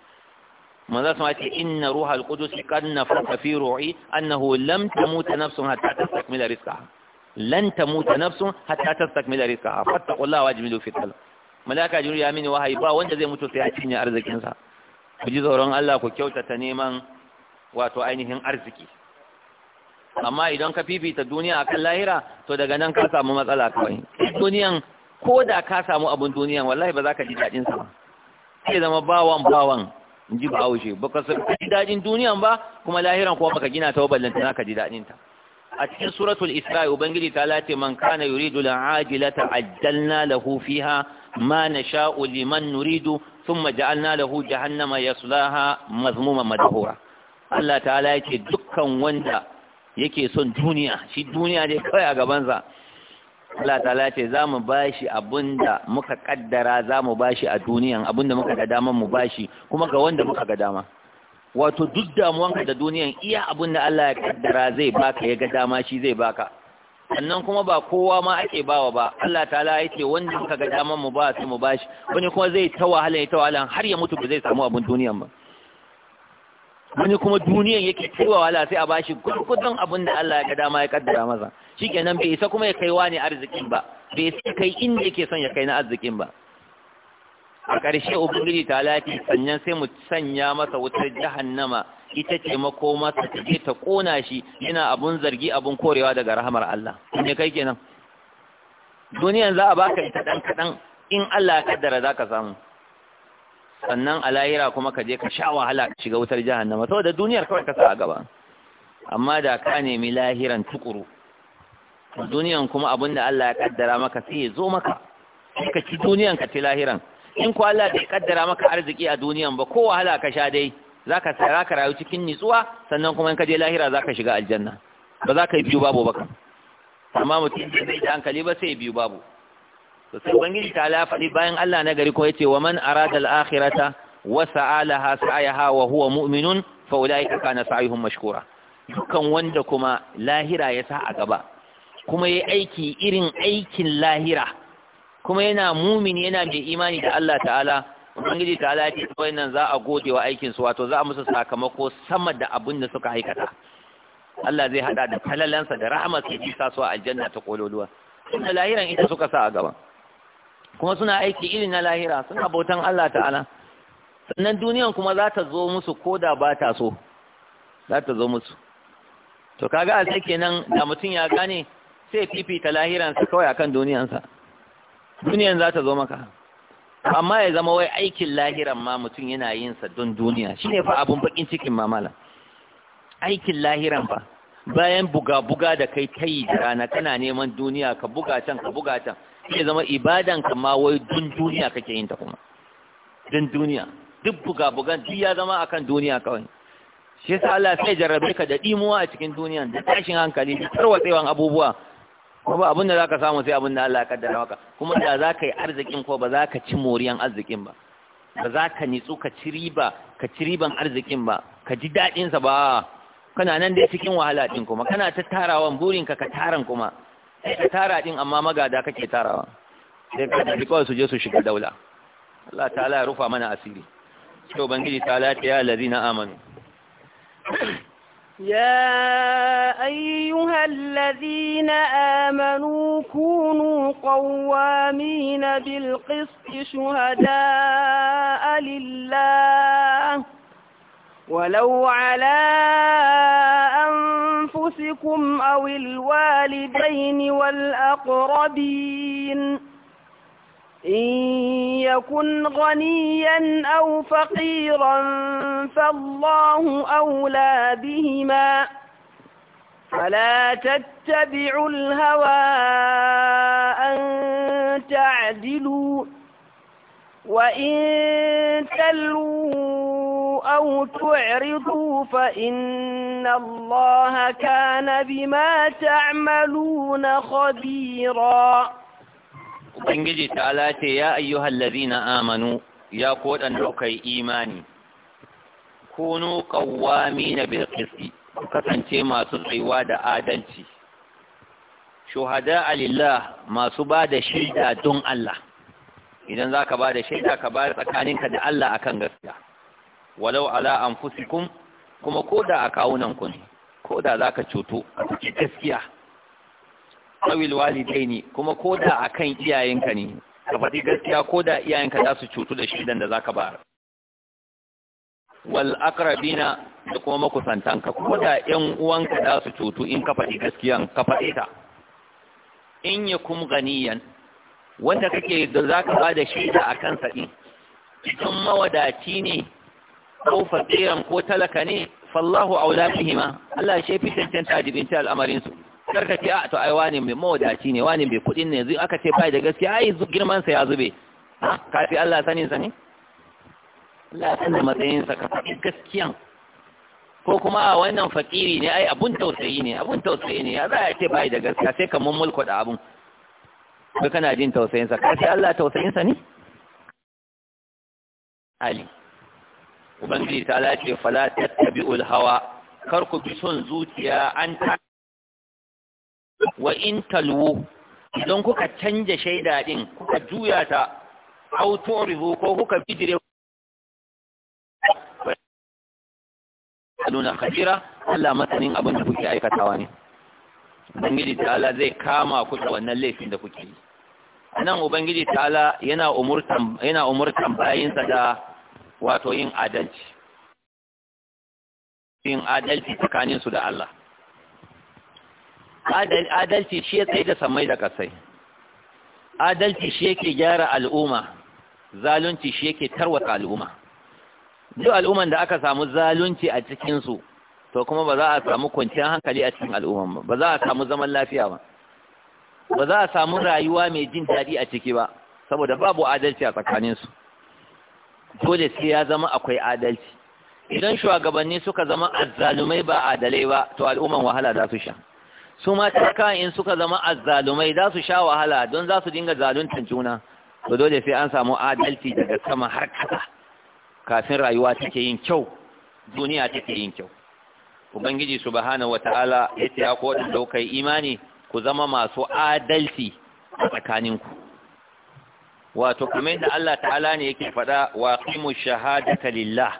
Speaker 2: manzo sama ce inna ruha alqudus qad nafaka fi ru'i annahu lam tamut nafsun hatta tastakmila rizqaha lan tamut nafsun hatta tastakmila rizqaha fattaqullaha wajmilu fi talab malaka jibril ya mini wahayi ba wanda zai mutu sai ya cinye arzikin ku ji tsoron Allah ku kyautata neman wato ainihin arziki amma idan ka fifita duniya a kan lahira to daga nan ka samu matsala kawai duniyan ko da ka samu abun duniyan wallahi ba za ka ji daɗinsa ba sai zama bawan bawan in ji ba haushe ba ka ji daɗin duniyan ba kuma lahiran kuma baka gina ta waballanta na ka ji daɗin ta a cikin suratul isra ubangiji ta lati man kana yuridu la'ajilata ajjalna lahu fiha ma nasha'u liman nuridu thumma ja'alna lahu jahannama yaslaha mazmuman madhura Allah ta'ala yake dukkan wanda yake son duniya shi duniya ne kawai a gabansa Allah ta'ala ce za mu bashi abinda muka kaddara za mu bashi a duniyan abinda muka ga dama mu bashi kuma ga wanda muka ga dama wato duk damuwanka da duniyan iya abinda Allah ya kaddara zai baka ya ga dama shi zai baka sannan kuma ba kowa ma ake bawa ba Allah ta'ala ya ce wanda muka ga dama mu ba su mu bashi wani kuma zai ta wahala ya ta wahala har ya mutu ba zai samu abin duniyan ba wani kuma duniyan yake cewa wala sai a bashi gurgudun abin da Allah ya ga dama ya kaddara masa shikenan bai isa kuma ya kai wani arzikin ba bai isa kai inda yake son ya kai na arzikin ba a ƙarshe ubangiji ta lafi sannan sai mu sanya masa wutar jahannama ita ce makoma, ta je ta kona shi yana abun zargi abun korewa daga rahamar Allah ne kai kenan duniyan za a baka ita dan kadan in Allah ya kaddara zaka samu sannan a lahira kuma ka je ka sha wahala ka shiga wutar jahannama da duniyar kawai ka sa a gaba amma da ka nemi lahiran tukuru duniyan kuma abin da Allah ya kaddara maka sai ya zo maka ka ci duniyan ka ci lahiran in ko Allah bai kaddara maka arziki a duniyan ba ko wahala ka sha dai zaka tsara ka rayu cikin nitsuwa sannan kuma in ka je lahira zaka shiga aljanna ba za ka yi biyu babu ba kan amma mutum bai da hankali ba sai biyu babu to sai ubangiji ta la faɗi bayan Allah na gari ko yace wa man arada al-akhirata wa sa'alaha sa'ayaha wa huwa mu'minun fa ulaika kana sa'yuhum mashkura dukan wanda kuma lahira ya sa a gaba kuma yayi aiki irin aikin lahira kuma yana mumini yana mai imani da Allah ta'ala ubangiji ta'ala ya ce za a gode wa aikin su wato za a musu sakamako sama da abin da suka aikata Allah zai hada da falalansa da rahmat su ji sa su aljanna ta kololuwa inda lahiran ita suka sa a gaba kuma suna aiki irin na lahira suna bautan Allah ta'ala sannan duniyan kuma za ta zo musu ko da ba ta so za ta zo musu to kaga a sai kenan da mutum ya gane sai fifita lahiransa kawai akan duniyansa duniyan za ta zo maka amma ya zama wai aikin lahiran ma mutum yana yin sa don duniya shine fa abun bakin cikin mamala aikin lahiran fa bayan buga-buga da kai kai da rana kana neman duniya ka buga can ka buga can iya zama ibadan kama wai dun duniya kake yin ta kuma dun duniya duk buga buga duk ya zama akan duniya kawai shi yasa Allah sai jarrabe ka da dimuwa a cikin duniya da tashin hankali da tarwatsewan abubuwa kuma abin da zaka samu sai abin da Allah ya kaddara maka kuma da zaka yi arzikin ko ba zaka ci moriyan arzikin ba ba za ka nitsu ka ci riba ka ci riban arzikin ba ka ji sa ba kana nan dai cikin wahala ɗin kuma kana ta tarawan burinka ka taran kuma ka tara din amma magada kake tarawa sai ka tafi ko su je su shiga daula Allah ta'ala ya rufa mana asiri to bangiji ta'ala ya allazina amanu
Speaker 1: يا أيها الذين آمنوا كونوا قوامين بالقسط شهداء لله ولو على أن أنفسكم أو الوالدين والأقربين إن يكن غنيا أو فقيرا فالله أولى بهما فلا تتبعوا الهوى أن تعدلوا وإن تلووا أو تعرضوا فإن الله كان بما تعملون خبيرا Ubangiji
Speaker 2: ta ce ya ayyuhal ladina amanu ya koɗan daukai imani kunu qawwamina bil qisti kasance masu tsayuwa da adalci shuhada alillah masu bada shaida don Allah idan zaka bada shaida ka bada tsakaninka da Allah akan gaskiya walau ala anfusikum kuma koda a kawunan ku ne koda ka cuto a cikin gaskiya awil walidaini kuma koda akan iyayenka ne ka faɗi gaskiya koda iyayenka za su cutu da shidan da ka ba wal akrabina da kuma makusantanka koda ƴan uwanka za su cutu in ka faɗi gaskiyan ka faɗi ta in kum ganiyan wanda kake da ba da shida akan kansa ɗin idan mawadaci ne ko faqiran ko talaka ne fallahu aula bihima Allah shi fi tantanta dibinta al'amarin su karka ce a to ai wani mai mawadaci ne wani mai kudin ne zai aka ce fai da gaskiya ai girman sa ya zube ka fi Allah sanin sa ne Allah san da matsayin sa ka faɗi gaskiyan ko kuma a wannan fakiri ne ai abun tausayi ne abun tausayi ne ya za a ce fai da gaskiya sai ka mummulko da abun ka kana jin tausayin sa ka fi Allah tausayin sa ne Ali ubangiji ta lace fala tattabi'ul hawa kar ku bi son zuciya an ta wa in idan kuka canja shaida din kuka juya ta au
Speaker 1: turibu ko kuka bidire nuna kajira? Allah masanin abin da kuke aikatawa ne ubangiji ala
Speaker 2: zai kama ku da wannan laifin da kuke yi nan ubangiji ala yana umurtan yana umurtan bayinsa da wato yin adalci yin adalci tsakanin su da Allah adalci shi ya tsaye da samai da kasai adalci shi yake gyara al'umma zalunci shi yake tarwata al'umma duk al'umman da aka samu zalunci a cikin su to kuma ba za a samu kwanciyar hankali a cikin al'umman ba ba za a samu zaman lafiya ba ba za a samu rayuwa mai jin daɗi a ciki ba saboda babu adalci a tsakaninsu dole sai ya zama akwai adalci idan shugabanni suka zama azzalumai ba adalai ba to al'umman wahala za su sha su ma in suka zama azzalumai za su sha wahala don za su dinga zaluntar juna to dole sai an samu adalci daga sama har kasa kafin rayuwa take yin kyau duniya take yin kyau ubangiji subhanahu wataala yace ya ko da kai imani ku zama masu adalci a tsakaninku wato kamar yadda Allah ta'ala ne yake faɗa wa qimu shahadata lillah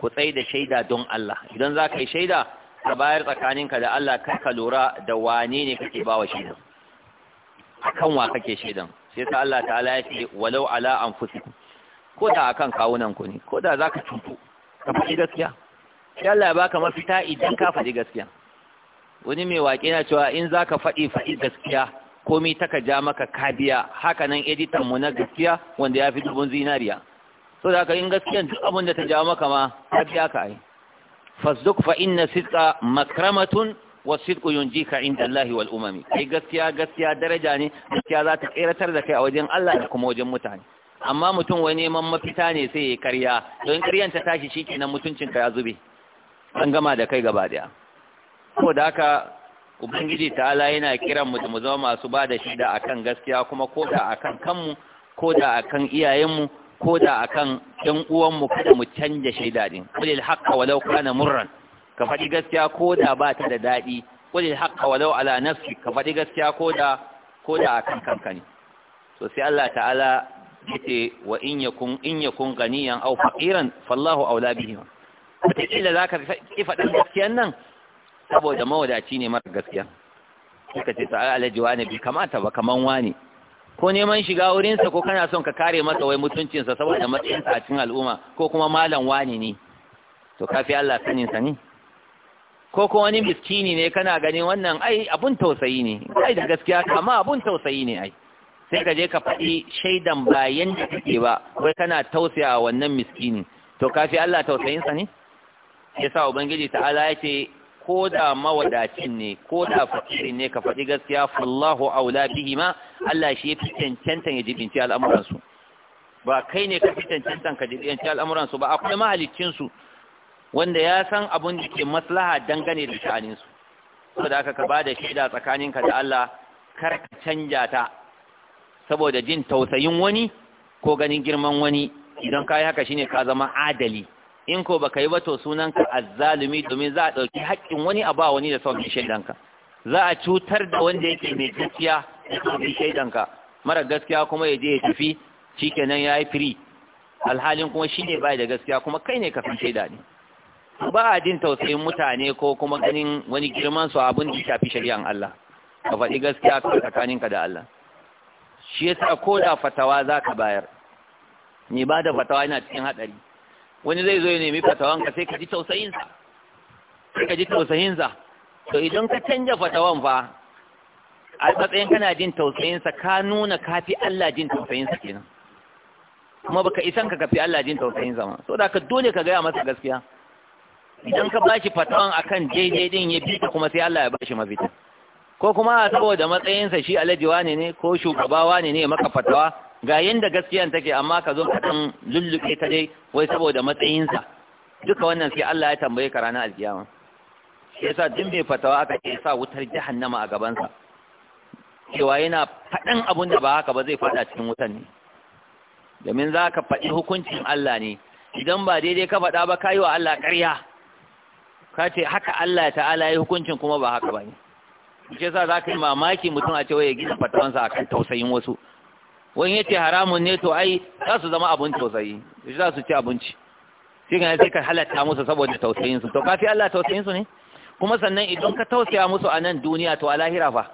Speaker 2: ku tsai da shaida don Allah idan za ka yi shaida ka bayar tsakaninka da Allah kar ka lura da wane ne kake ba wa shaidan akan wa kake shaidan sai ta Allah ta'ala ya ce walau ala anfusikum ko da akan kawunan ku ne ko da za ka tuntu ka faɗi gaskiya sai Allah ya baka mafita idan ka faɗi gaskiya wani mai waƙe na cewa in za ka faɗi faɗi gaskiya Komi taka ja maka kabiya haka nan editan mu na gaskiya wanda ya fi dubun zinariya so da haka yin gaskiya duk abin da ta ja maka ma kabiya ka ai fasduk fa inna sidqa makramatun wa sidqu yunjika inda Allah wal umami kai gaskiya gaskiya daraja ne gaskiya za ta da kai a wajen Allah da kuma wajen mutane amma mutum wai neman mafita ne sai ya karya don karyan ta tashi shikenan mutuncin ka ya zube an gama da kai gaba daya da haka ubangiji ta'ala yana kiran mu da mu zama masu ba da shida akan gaskiya kuma ko da akan kanmu ko da akan iyayenmu ko da akan ɗan uwanmu kada mu canja shaida din qulil haqqa walau kana murran ka faɗi gaskiya ko da ba ta da daɗi qulil haqqa walau ala nafsi ka faɗi gaskiya ko da ko da akan kanka ne so sai Allah ta'ala yace wa in yakun in yakun ganiyan aw faqiran fallahu aula bihima wataƙila za ka ƙi faɗin gaskiyan nan saboda mawadaci ne mara gaskiya suka ce ta alaji wani bi kamata ba kaman wani ko neman shiga wurinsa ko kana son ka kare masa wai mutuncinsa saboda matsayinsa a cikin al'umma ko kuma malam wani ne to kafi Allah sanin sani ko ko wani miskini ne kana ganin wannan ai abun tausayi ne ai da gaskiya amma abun tausayi ne ai sai ka je ka faɗi shaidan bayan da kake ba wai kana tausaya wannan miskini to kafi Allah tausayin sa ne yasa ubangiji ta'ala ce. ko da mawadacin ne ko da fakiri ne ka faɗi gaskiya fallahu aula ma Allah shi ya fi cancantan ya jibinci al'amuransu ba kai ne ka fi cancantan ka jibinci al'amuransu ba akwai mahalicinsu wanda ya san abin da ke maslaha dangane da sha'aninsu saboda aka ka ba da shaida tsakaninka da Allah kar ka canja ta saboda jin tausayin wani ko ganin girman wani idan ka yi haka shine ka zama adali in ko baka yi ba to sunanka azzalumi domin za a ɗauki haƙƙin wani a ba wani da sauƙin shaidanka za a cutar da wanda yake mai gaskiya da sauƙin shaidanka mara gaskiya kuma ya je ya tafi kenan ya yi firi alhalin kuma shi ne bai da gaskiya kuma kai ne kafin shaida ne ba a jin tausayin mutane ko kuma ganin wani girman su abin da shafi shari'an Allah ka faɗi gaskiya ka tsakaninka da Allah shi yasa ko da fatawa za ka bayar ni ba da fatawa yana cikin haɗari wani zai zo ya nemi fatawan ka sai ka ji tausayinsa. sai ka ji tausayinsa. to idan ka canja fatawan fa a matsayin kana jin tausayinsa, ka nuna ka fi Allah jin tausayinsa kenan kuma baka isan ka kafi Allah jin tausayinsa ma. ma da ka dole ka gaya masa gaskiya idan ka bashi fatawan akan daidai din ya bi kuma sai Allah ya bashi mafita ko kuma saboda matsayinsa shi alajiwa ne ne ko shugabawa ne ne maka fatawa ga yanda gaskiyan take amma ka zo ka dan lulluke ta dai wai saboda matsayinsa duka wannan sai Allah ya tambaye ka ranar alkiyama sai yasa din bai fatawa aka ce sa wutar jahannama a gabansa cewa yana fadan abun da ba haka ba zai faɗa cikin wutan ne domin za ka faɗi hukuncin Allah ne idan ba daidai ka faɗa ba ka yi wa Allah ƙarya ka ce haka Allah ta'ala ya hukuncin kuma ba haka ba ne shi yasa za ka yi mamaki mutum a cewa ya gina fatawansa akan tausayin wasu wani ya ce haramun ne to ai za su zama abin tausayi za su ci abinci shi ga sai ka halatta musu saboda tausayin su. to kafi Allah tausayin su ne kuma sannan idan ka tausaya musu a nan duniya to a lahira fa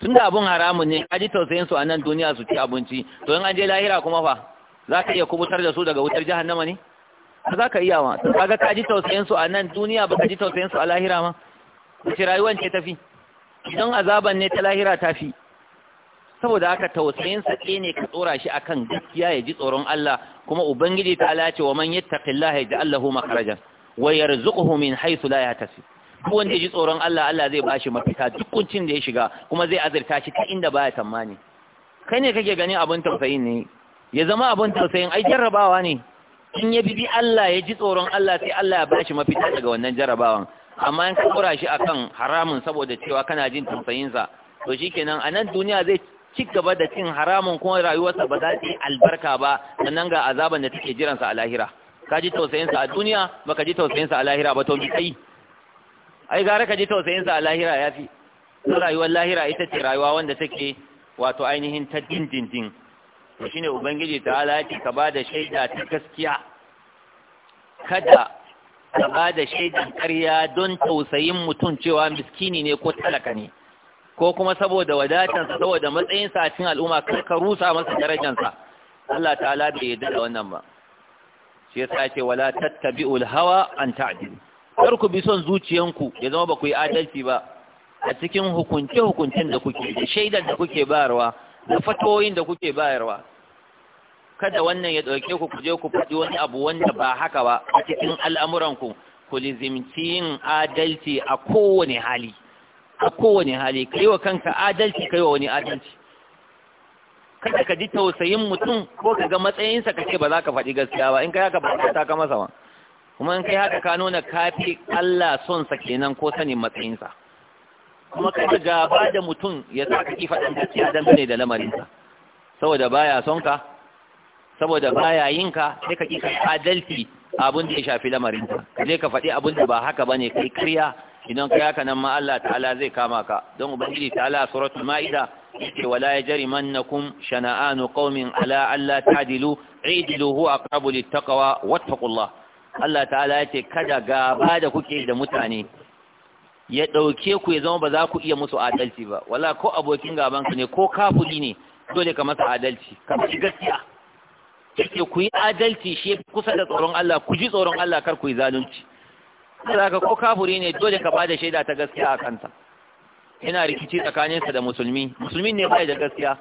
Speaker 2: tun da abun haramun ne ka ji su a nan duniya su ci abinci to in an je lahira kuma fa za ka iya kubutar da su daga wutar jahannama ne ba za ka iya ma to kaga ka ji su a nan duniya ba ka ji su a lahira ma wace rayuwar ce tafi idan azaban ne ta lahira tafi saboda haka tausayin sa ne ka tsora shi akan gaskiya ya ji tsoron Allah kuma ubangiji ta ala ce wa man yattaqillaha yaj'al lahu makhrajan wa yarzuquhu min haythu la yahtasib duk wanda ya ji tsoron Allah Allah zai bashi mafita duk kuncin da ya shiga kuma zai azurta shi ta inda baya tsammani kai ne kake ganin abin tausayin ne ya zama abin tausayin ai jarrabawa ne in ya bibi Allah ya ji tsoron Allah sai Allah ya bashi mafita daga wannan jarrabawan amma in ka kura shi akan haramun saboda cewa kana jin tausayin sa to shikenan a nan duniya zai ci gaba da cin haramun kuma rayuwarsa ba za ta yi albarka ba sannan ga azaban da take jiransa a lahira ka ji tausayinsa a duniya ba ka ji tausayinsa a lahira ba to mi ai gara ka ji tausayinsa a lahira ya fi rayuwar lahira ita ce rayuwa wanda take wato ainihin ta dindindin to shine ubangiji ta alaƙi ka ba da shaida ta gaskiya kada ka ba da shaidan ƙarya don tausayin mutum cewa miskini ne ko talaka ne ko kuma saboda wadatansa saboda matsayinsa a cikin al'umma kar ka rusa masa darajansa Allah ta'ala bai yarda da wannan ba shi yasa ce wala tattabi'ul hawa an ta'dil kar ku bi son zuciyanku ya zama ba ku yi adalci ba a cikin hukunce hukuncin da kuke da shaidar da kuke bayarwa da fatoyin da kuke bayarwa kada wannan ya dauke ku ku je ku faɗi wani abu wanda ba haka ba a cikin al'amuranku ku lizimci yin adalci a kowane hali a kowane hali kai wa kanka adalci kai wa wani adalci kada ka ji tausayin mutum ko ka ga matsayinsa ka ce ba za ka faɗi gaskiya ba in kai haka ba ta ka masa ba kuma in kai haka ka nuna kafi Allah son sa kenan ko sanin matsayinsa kuma kada gaba da mutum ya sa ka ki faɗin gaskiya dan bane da lamarinsa saboda baya son ka saboda baya yin ka sai ka ki adalci abin da ya shafi lamarinsa ka je ka faɗi abin da ba haka bane kai karya idan kai haka nan ma Allah ta'ala zai kama ka don ubangiji ta'ala suratul maida yake wala yajrimannakum shana'anu qaumin ala alla ta'dilu i'dilu huwa aqrabu littaqwa wattaqullah Allah ta'ala yake kada gaba da kuke da mutane ya dauke ku ya zama ba za ku iya musu adalci ba wala ko abokin gaban ka ne ko kafuli ne dole ka masa adalci ka bi gaskiya yake ku yi adalci shi kusa da tsoron Allah ku ji tsoron Allah kar ku yi zalunci sai ka ko kafuri ne dole ka bada shaida ta gaskiya a kansa Ina rikici tsakaninsa da musulmi musulmi ne bai da gaskiya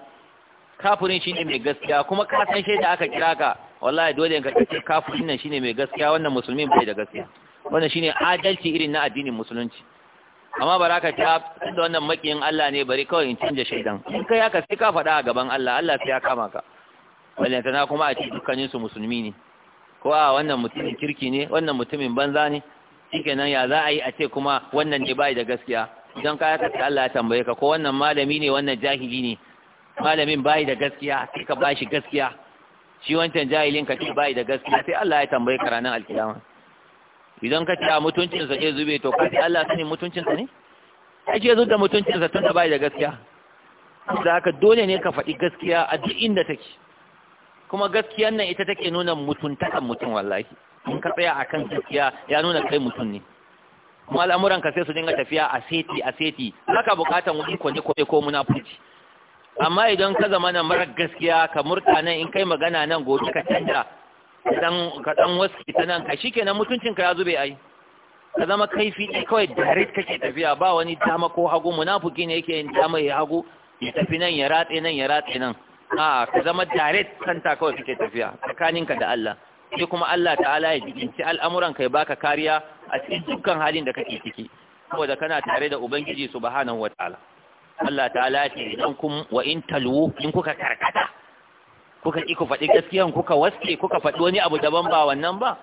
Speaker 2: kafurin shine mai gaskiya kuma ka san shaida aka kira ka wallahi dole ka ce kafurin nan shine mai gaskiya wannan musulmin bai da gaskiya wannan shine adalci irin na addinin musulunci amma Baraka ta ka ah, da wannan makiyin Allah ne bari kawai in canja shaidan in kai haka sai ka faɗa a gaban Allah Allah sai ya kama ka tana kuma a ce dukkaninsu musulmi ne ko a ah, wannan mutumin kirki ne wannan mutumin banza ne shikenan ya za a yi a ce kuma wannan ne bai da gaskiya idan ka yaka Allah ya tambaye ka ko wannan malami ne wannan jahili ne malamin bai da gaskiya sai ka bashi gaskiya shi wancan jahilin ka ce bai da gaskiya sai Allah ya tambaye ka ranar alkiyama idan ka ce a mutuncinsa ke zube to ka ce Allah sani mutuncin sa ne sai ke zub da mutuncinsa tun da bai da gaskiya da haka dole ne ka faɗi gaskiya a duk inda take kuma gaskiyan nan ita take nuna mutuntakan mutum wallahi in ka tsaya akan gaskiya ya nuna kai mutum ne kuma al'amuran ka sai su dinga tafiya a seti a seti haka bukatan wani kwaje kwaje ko munafurci amma idan ka zama na mara gaskiya ka murta nan in kai magana nan gobe ka canja ka dan wasu ta nan ka shikenan mutuncin ka ya zube ai ka zama kaifi ne kawai direct kake tafiya ba wani dama ko hagu munafiki ne yake yin dama ya hagu ya tafi nan ya ratse nan ya ratse nan a ka zama direct kanta kawai kake tafiya tsakaninka da Allah sai kuma Allah ta'ala ya jibinci al'amuran kai baka kariya a cikin dukkan halin da kake ciki saboda kana tare da ubangiji su subhanahu wataala Allah ta'ala ya ce idan kun wa in talwu in kuka karkata kuka ki ku faɗi gaskiyan kuka waske kuka faɗi wani abu daban ba wannan ba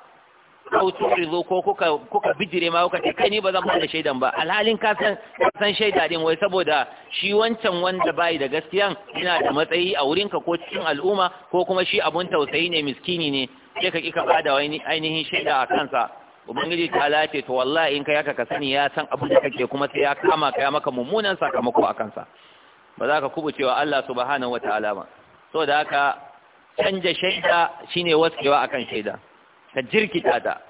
Speaker 2: ko turizo ko kuka kuka bijire ma kuka ce kai ni ba zan bada shaidan ba alhalin ka san shaida din wai saboda shi wancan wanda bayi da gaskiyan yana da matsayi a wurinka ko cikin al'umma ko kuma shi abun tausayi ne miskini ne sai ka kika bada wani ainihin shaida a kansa ubangiji ta lace to wallahi in kai haka ka sani ya san abin da kake kuma sai ya kama ka maka mummunan sakamako a kansa ba za ka kubucewa Allah subhanahu wataala ba da haka canja shaida shine waskewa akan shaida ka jirkita ta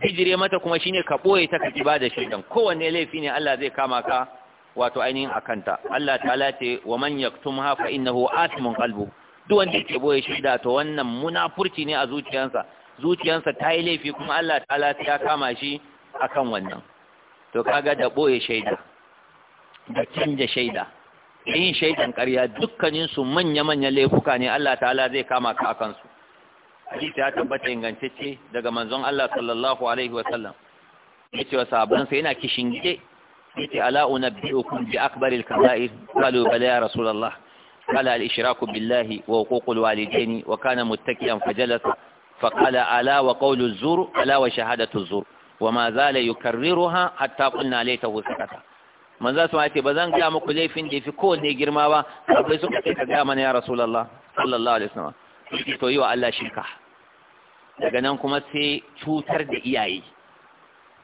Speaker 2: bijire mata kuma shine ka boye ta ka ba da shaidan kowanne laifi ne Allah zai kama ka wato ainihin akanta Allah ta lace wa man yaktumha fa innahu asmun qalbu duk wanda yake boye shaida ta wannan munafurci ne a zuciyansa zuciyarsa ta yi laifi kuma Allah ta'ala ya kama shi akan wannan to kaga da boye shaida da canja shaida yin shaidan ƙarya dukkanin su manya-manyan laifuka ne Allah ta'ala zai kama ka akan su hadisi ya tabbata ingantacce daga manzon Allah sallallahu alaihi wa sallam yace wa sahabban sa yana kishin gide yace ala unabbiukum bi akbaril kaba'ir qalu bala ya rasulullah قال الإشراك بالله وحقوق الوالدين وكان متكئا فجلس فقال ألا وقول الزور ألا وشهادة الزور وما زال يكررها حتى قلنا ليته سكت من ذا سمعت ba قام ga muku laifin da fi kowanne girma ba akwai suka ce ka ga الله ya rasulullah sallallahu alaihi wasallam to yi wa Allah shirka daga nan kuma sai cutar da iyaye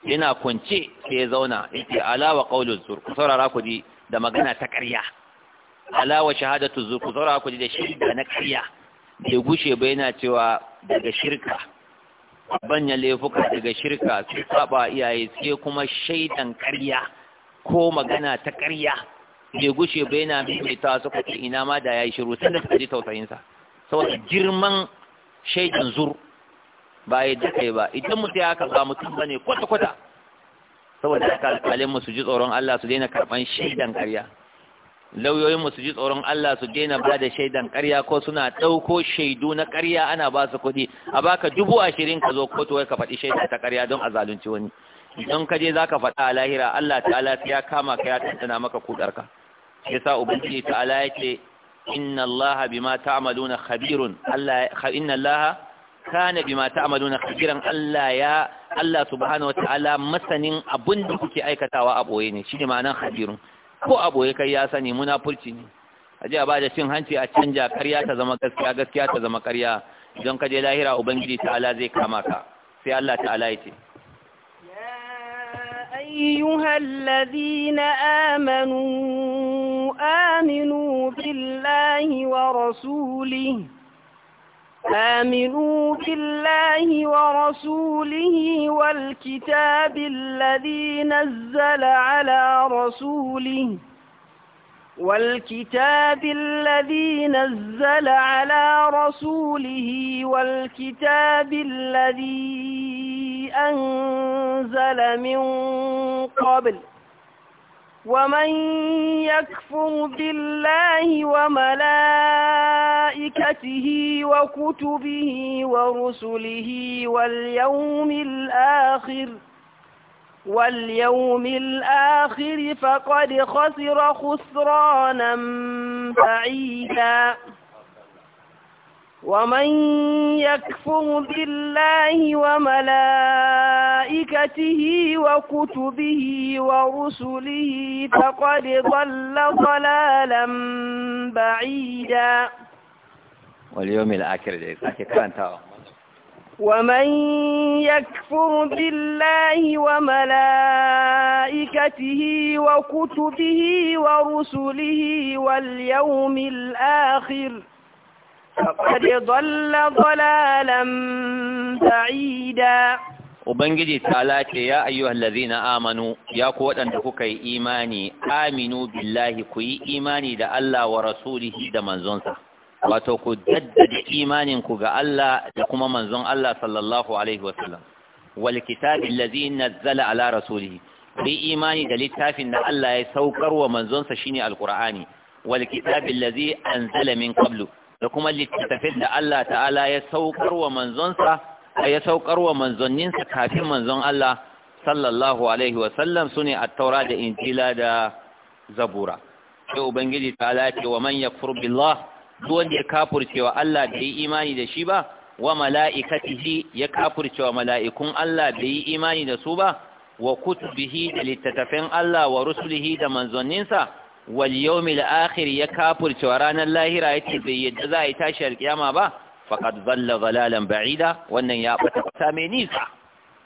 Speaker 2: yana kwance sai zauna yace ala wa qaulul zur ku saurara ku ji da magana ta ƙarya ala shahadatu zuku zura ku da shirka na kariya. ke gushe ba cewa daga shirka banya laifuka daga shirka su saba iyaye sai kuma shaidan kariya ko magana ta kariya. ke gushe ba yana ta suka ce ina ma da ya yi shiru sanda suka ji tausayinsa saboda girman shaidan zur ba ya dakai ba idan mutum ya haka ba mutum ba ne kwata-kwata saboda haka alƙalin su ji tsoron Allah su daina karɓan shaidan kariya. lauyoyinmu su ji tsoron Allah su daina ba da shaidan ƙarya ko suna ɗauko shaidu na ƙarya ana ba su kuɗi a baka dubu ashirin ka zo kotu wai ka faɗi shaida ta ƙarya don a zalunci wani idan ka je za ka faɗa a lahira Allah ta'ala ya kama ka ya tantana maka kudarka Ya sa ubangiji ta'ala ya ce inna Allah bima ta'maluna khabirun Allah inna Allah kana bima ta'maluna khabiran Allah ya Allah subhanahu wa ta'ala masanin abin da kuke aikatawa a boye ne shi shine ma'anar khabirun ko abu ya kai ya sani munafurci ne a ji a ba da cin hanci a canja karya ta zama gaskiya gaskiya ta zama karya idan ka je lahira ubangiji ta'ala zai kama ka sai Allah ta'ala ya ce
Speaker 1: أيها الذين آمنوا آمنوا بالله ورسوله آمنوا بالله ورسوله والكتاب الذي نزل على رسوله والكتاب الذي نزل على رسوله والكتاب الذي أنزل من قبل ومن يكفر بالله وملائكته وملائكته وكتبه ورسله واليوم الآخر واليوم الآخر فقد خسر خسرانا بعيدا ومن يكفر بالله وملائكته وكتبه ورسله فقد ضل ضلالا بعيدا
Speaker 2: واليوم الآخر wa كرنتاوا
Speaker 1: ومن يكفر بالله وملائكته وكتبه ورسله واليوم الآخر فقد ضل ضلالا بعيدا
Speaker 2: Ubangiji ta ce ya ayyuhal ladzina amanu ya ku waɗanda kuka yi imani aminu billahi ku yi imani da Allah wa rasulihi da manzonsa wato ku daddada imaninku ga Allah da kuma manzon Allah sallallahu alaihi wasallam wal kitabi allazi nazzala ala rasulihi bi imani da littafin da Allah ya saukar wa manzonsa shine alqur'ani wal kitabi allazi anzala min qablu da kuma littafin da Allah ta'ala ya saukar wa manzonsa ya saukar manzonninsa kafin manzon Allah sallallahu alaihi wasallam sune at-taura da injila da zabura sai ubangiji ta'ala ce wa man yakfur billah duk wanda ya kafurcewa Allah bai yi imani da shi ba wa mala'ikatihi ya kafurcewa mala'ikun Allah bai yi imani da su ba wa kutubihi da littattafan Allah wa rusulihi da manzanninsa wal yawmil akhir ya kafurcewa ranar lahira yace bai yadda za a yi tashi alkiyama ba faqad dhalla dhalalan ba'ida wannan ya bata ta mai nisa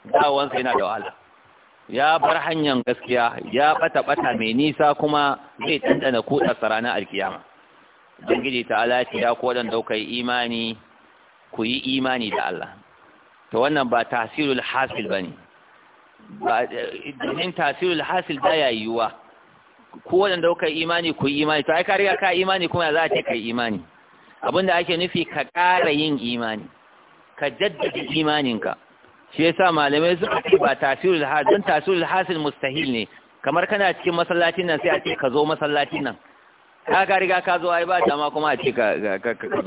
Speaker 2: dawan sai na da wahala ya bar hanyar gaskiya ya bata bata mai nisa kuma zai tantana ko tsara ranar alkiyama ubangiji ta'ala ce ya ku waɗanda kuka yi imani ku yi imani da Allah to wannan ba tasirul hasil bane ba domin tasirul hasil ba ya yiwuwa ku waɗanda dauka yi imani ku yi imani to ai ka riga ka imani kuma za a ce ka yi imani abinda ake nufi ka ƙara yin imani ka jaddada imaninka shi yasa malamai suka ce ba tasirul hasil don tasirul hasil mustahil ne kamar kana cikin masallacin nan sai a ce ka zo masallacin nan ka ka riga ka zo ai ba dama kuma a ce ka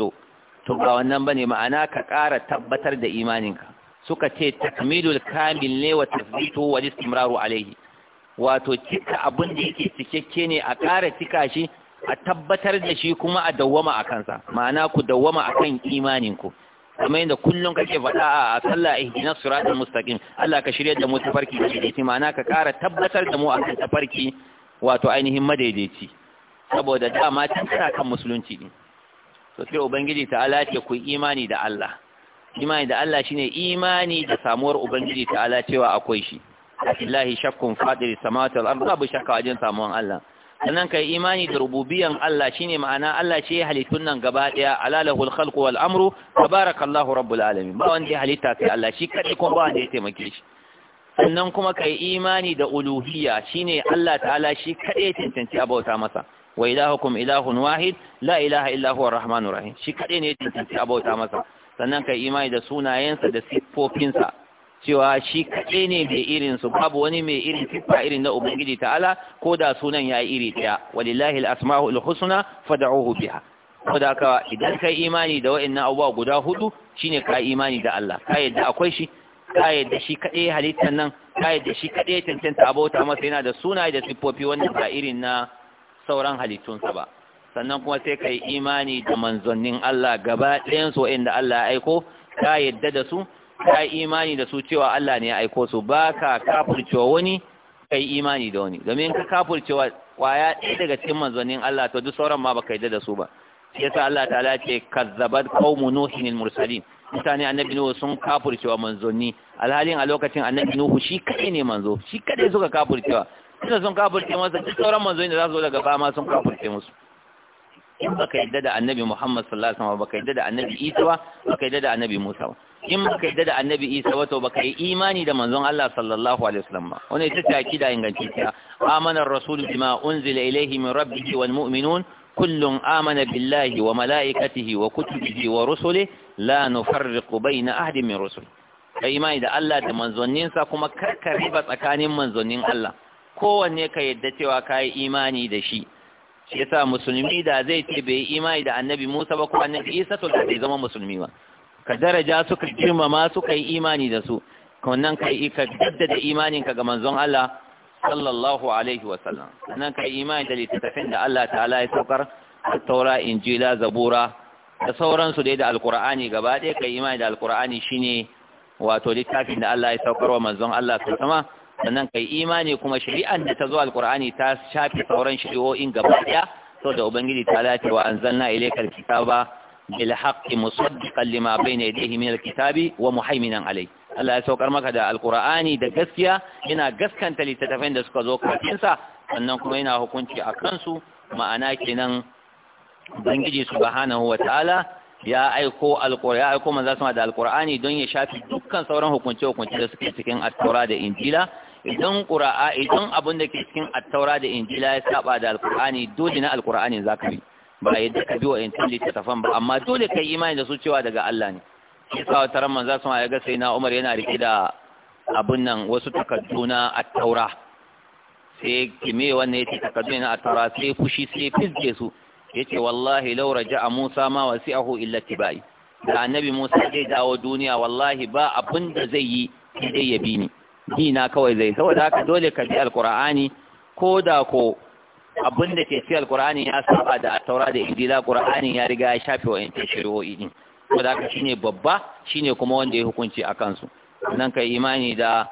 Speaker 2: zo to ba wannan bane ma'ana ka ƙara tabbatar da imaninka suka ce takmilul kamil ne wa tasbitu wa istimraru alaihi wato cika abin da yake cikakke ne a ƙara cika shi a tabbatar da shi kuma a dawwama a kansa ma'ana ku dawwama akan imanin ku kamar yadda kullum kake faɗa a sallah ihdinas siratal mustaqim Allah ka shirya da mu tafarki da ma'ana ka ƙara tabbatar da mu kan tafarki wato ainihin madaidaici saboda dama can tana kan musulunci ne to sai ubangiji ta'ala ce ku imani da Allah imani da Allah shine imani da samuwar ubangiji ta'ala cewa akwai shi lillahi shakkun fadiri samawati wal ardi babu shakka wajen samuwan Allah sannan kai imani da rububiyan Allah shine ma'ana Allah ce halittun nan gaba daya alalahu al-khalqu wal amru tabarakallahu rabbul alamin ba wanda ya halitta sai Allah shi kadai kuma ba wanda ya taimake shi sannan kuma kai imani da uluhiyya shine Allah ta'ala shi kadai ya cancanci abauta masa wa ilahukum ilahun wahid la ilaha illa huwa rahmanur rahim shi kade ne tantance abota masa sannan kai imani da sunayensa da sifofinsa cewa shi kade ne mai irin su babu wani mai irin sifa irin na ubangiji ta'ala ko da sunan ya iri daya walillahi alasmaul husna fad'uhu biha koda ka idan kai imani da wa'annan abuwa guda hudu shine ka imani da Allah ka yadda akwai shi ka yadda shi kade halittar nan ka yadda shi kade tantance abota masa yana da sunaye da sifofi wannan ba irin na sauran halittunsa ba sannan kuma sai ka yi imani da manzannin Allah gaba ɗayan su inda Allah ya aiko ka yadda da su ka imani da su cewa Allah ne ya aiko su ba ka kafurcewa wani ka yi imani da wani domin ka kafurcewa kwaya ɗaya daga cikin manzannin Allah ta duk sauran ma ba ka yadda da su ba shi yasa Allah ta'ala ce kazzabat qaumu nuhin mursalin mutane annabi nuhu sun kafurcewa manzanni alhalin a lokacin annabi nuhu shi kadai ne manzo shi kaɗai suka kafurcewa suna sun kafurce masa duk sauran manzo da za su zo daga fama sun kafurce musu in baka yadda da annabi Muhammad sallallahu alaihi wasallam baka yadda da annabi Isa ba baka yadda da annabi Musa ba in baka yadda da annabi Isa ba to baka yi imani da manzon Allah sallallahu alaihi wasallam ba Wani ita ce akida ingantacciya amana ar-rasul bima unzila ilayhi min rabbihi wal mu'minun kullun amana billahi wa malaikatihi wa kutubihi wa rusuli la nufarriqu bayna ahadin min rusulihi kai imani da Allah da manzonninsa kuma karkare ba tsakanin manzonnin Allah kowanne ka yadda cewa ka yi imani da shi shi yasa musulmi da zai ce bai yi imani da annabi Musa ba ko annabi Isa to da bai zama musulmi ba ka daraja suka ka ma su ka yi imani da su wannan ka yi ka jaddada imanin ka ga manzon Allah sallallahu alaihi wa sallam ka yi imani da littattafin da Allah ta'ala ya saukar Taura Injila Zabura da sauransu dai da alkur'ani gaba ɗaya ka yi imani da Alkur'ani shine wato littafin da Allah ya saukar wa manzon Allah sallallahu alaihi wa sannan kai imani kuma shari'an da ta zo alkur'ani ta shafi sauran shari'o'in gaba daya da ubangiji ta lati wa anzalna ilaykal kitaba bil haqqi musaddiqan lima bayna yadayhi min alkitabi wa muhaiminan alayhi Allah ya saukar maka da alkur'ani da gaskiya yana gaskanta littattafan da suka zo kafin sa sannan kuma yana hukunci a kansu ma'ana kenan ubangiji subhanahu wataala ya aiko alƙur'ani ya aiko manzo sama da alkur'ani don ya shafi dukkan sauran hukunce hukunce da suke cikin at da Injila idan qura'a idan abin da ke cikin attaura da injila ya saba da Alƙur'ani, dole na za ka bi ba yadda ka bi wa ta tafan ba amma dole kai imani da su cewa daga Allah ne shi sa wata ran manzo sun ga sai na Umar yana rike da abun nan wasu takardu na attaura sai kime wannan yace takardu na attaura sai fushi sai fizge su yace wallahi law raja'a Musa ma wasi'ahu illa tibai da annabi Musa zai dawo duniya wallahi ba abin da zai yi sai ya bi ni ni na kawai zai saboda haka dole ka bi alqur'ani ko da ko abin da ke ci alqur'ani ya saba da taura da injila qur'ani ya riga ya shafe wa yanke shari'o'i din saboda haka shine babba shine kuma wanda ya hukunci a kansu nan kai imani da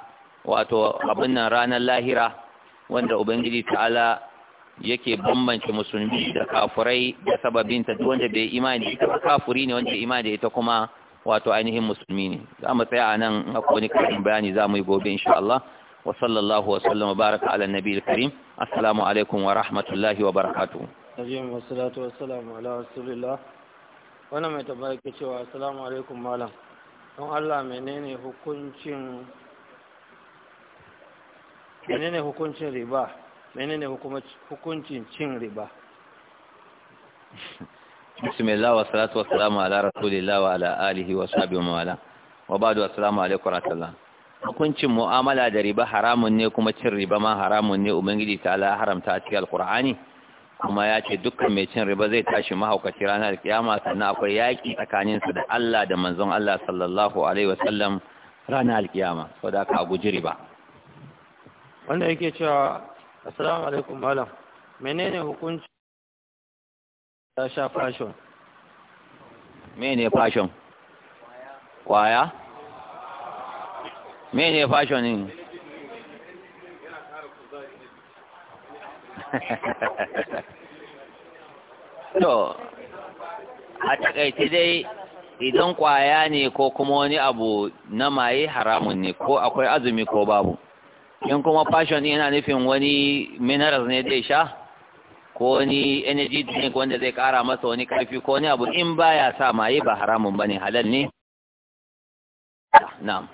Speaker 2: wato abin nan ranar lahira wanda ubangiji ta'ala yake bambance musulmi da kafurai da ta duk wanda bai imani ita kafuri ne wanda imani da ita kuma wato ainihin musulmi ne za mu tsaya nan akwai wani karin bayani za mu yi gobe insha Allah wa sallallahu wa sallama baraka ala nabiyil karim assalamu alaikum wa rahmatullahi wa barakatu.
Speaker 3: Najim wa salatu wa salamu ala rasulillah wannan mai tabbata ke cewa assalamu alaikum malam don Allah menene hukuncin menene hukuncin riba menene hukuncin cin riba
Speaker 2: bismillah wa salatu wa salamu ala rasulillah wa ala alihi wa sahbihi wa wala wa ba'du assalamu alaikum warahmatullahi hukuncin mu'amala da riba haramun ne kuma cin riba ma haramun ne ubangiji ta ala haramta a cikin alqur'ani kuma ya ce dukkan mai cin riba zai tashi mahaukaci ranar kiyama sannan akwai yaƙi tsakaninsa da Allah da manzon Allah sallallahu alaihi wasallam ranar kiyama saboda ka guji riba
Speaker 3: wanda yake cewa assalamu alaikum malam menene hukunci ta sha fashon
Speaker 2: mene fashon kwaya mene fashon ne
Speaker 3: to a takaice
Speaker 2: dai idan kwaya ne ko kuma wani abu na maye haramun ne ko akwai azumi ko babu in kuma fashon yana nufin wani minerals ne dai sha ko wani energy drink wanda zai kara masa wani karfi ko wani abu in baya sa maye ba haramun bane halal ne na'am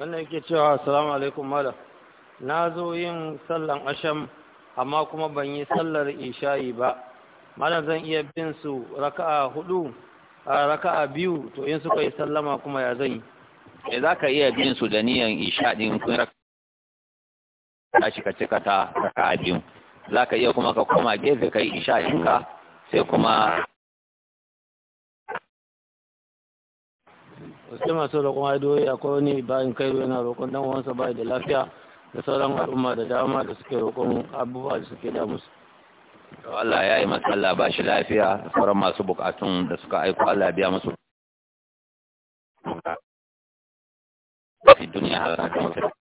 Speaker 3: wannan yake cewa assalamu alaikum malam na zo yin sallan asham amma kuma ban yi sallar isha'i ba malam zan iya bin su raka'a hudu a raka'a biyu to in suka yi sallama kuma ya zan yi
Speaker 2: eh, za ka iya bin su da niyan isha din kun
Speaker 3: raka'a shi ka cika ta raka'a biyu za ka iya kuma ka koma gefe ka yi isha'inka
Speaker 1: sai kuma
Speaker 3: wasu masu roƙon adoyi akwai ne bayan kai yana roƙon dan wansa bai da lafiya da sauran al'umma da dama da suke roƙon abubuwa da suke damu su
Speaker 2: Allah ya yi matsala ba shi lafiya sauran masu bukatun da suka aiko Allah biya musu fi duniya har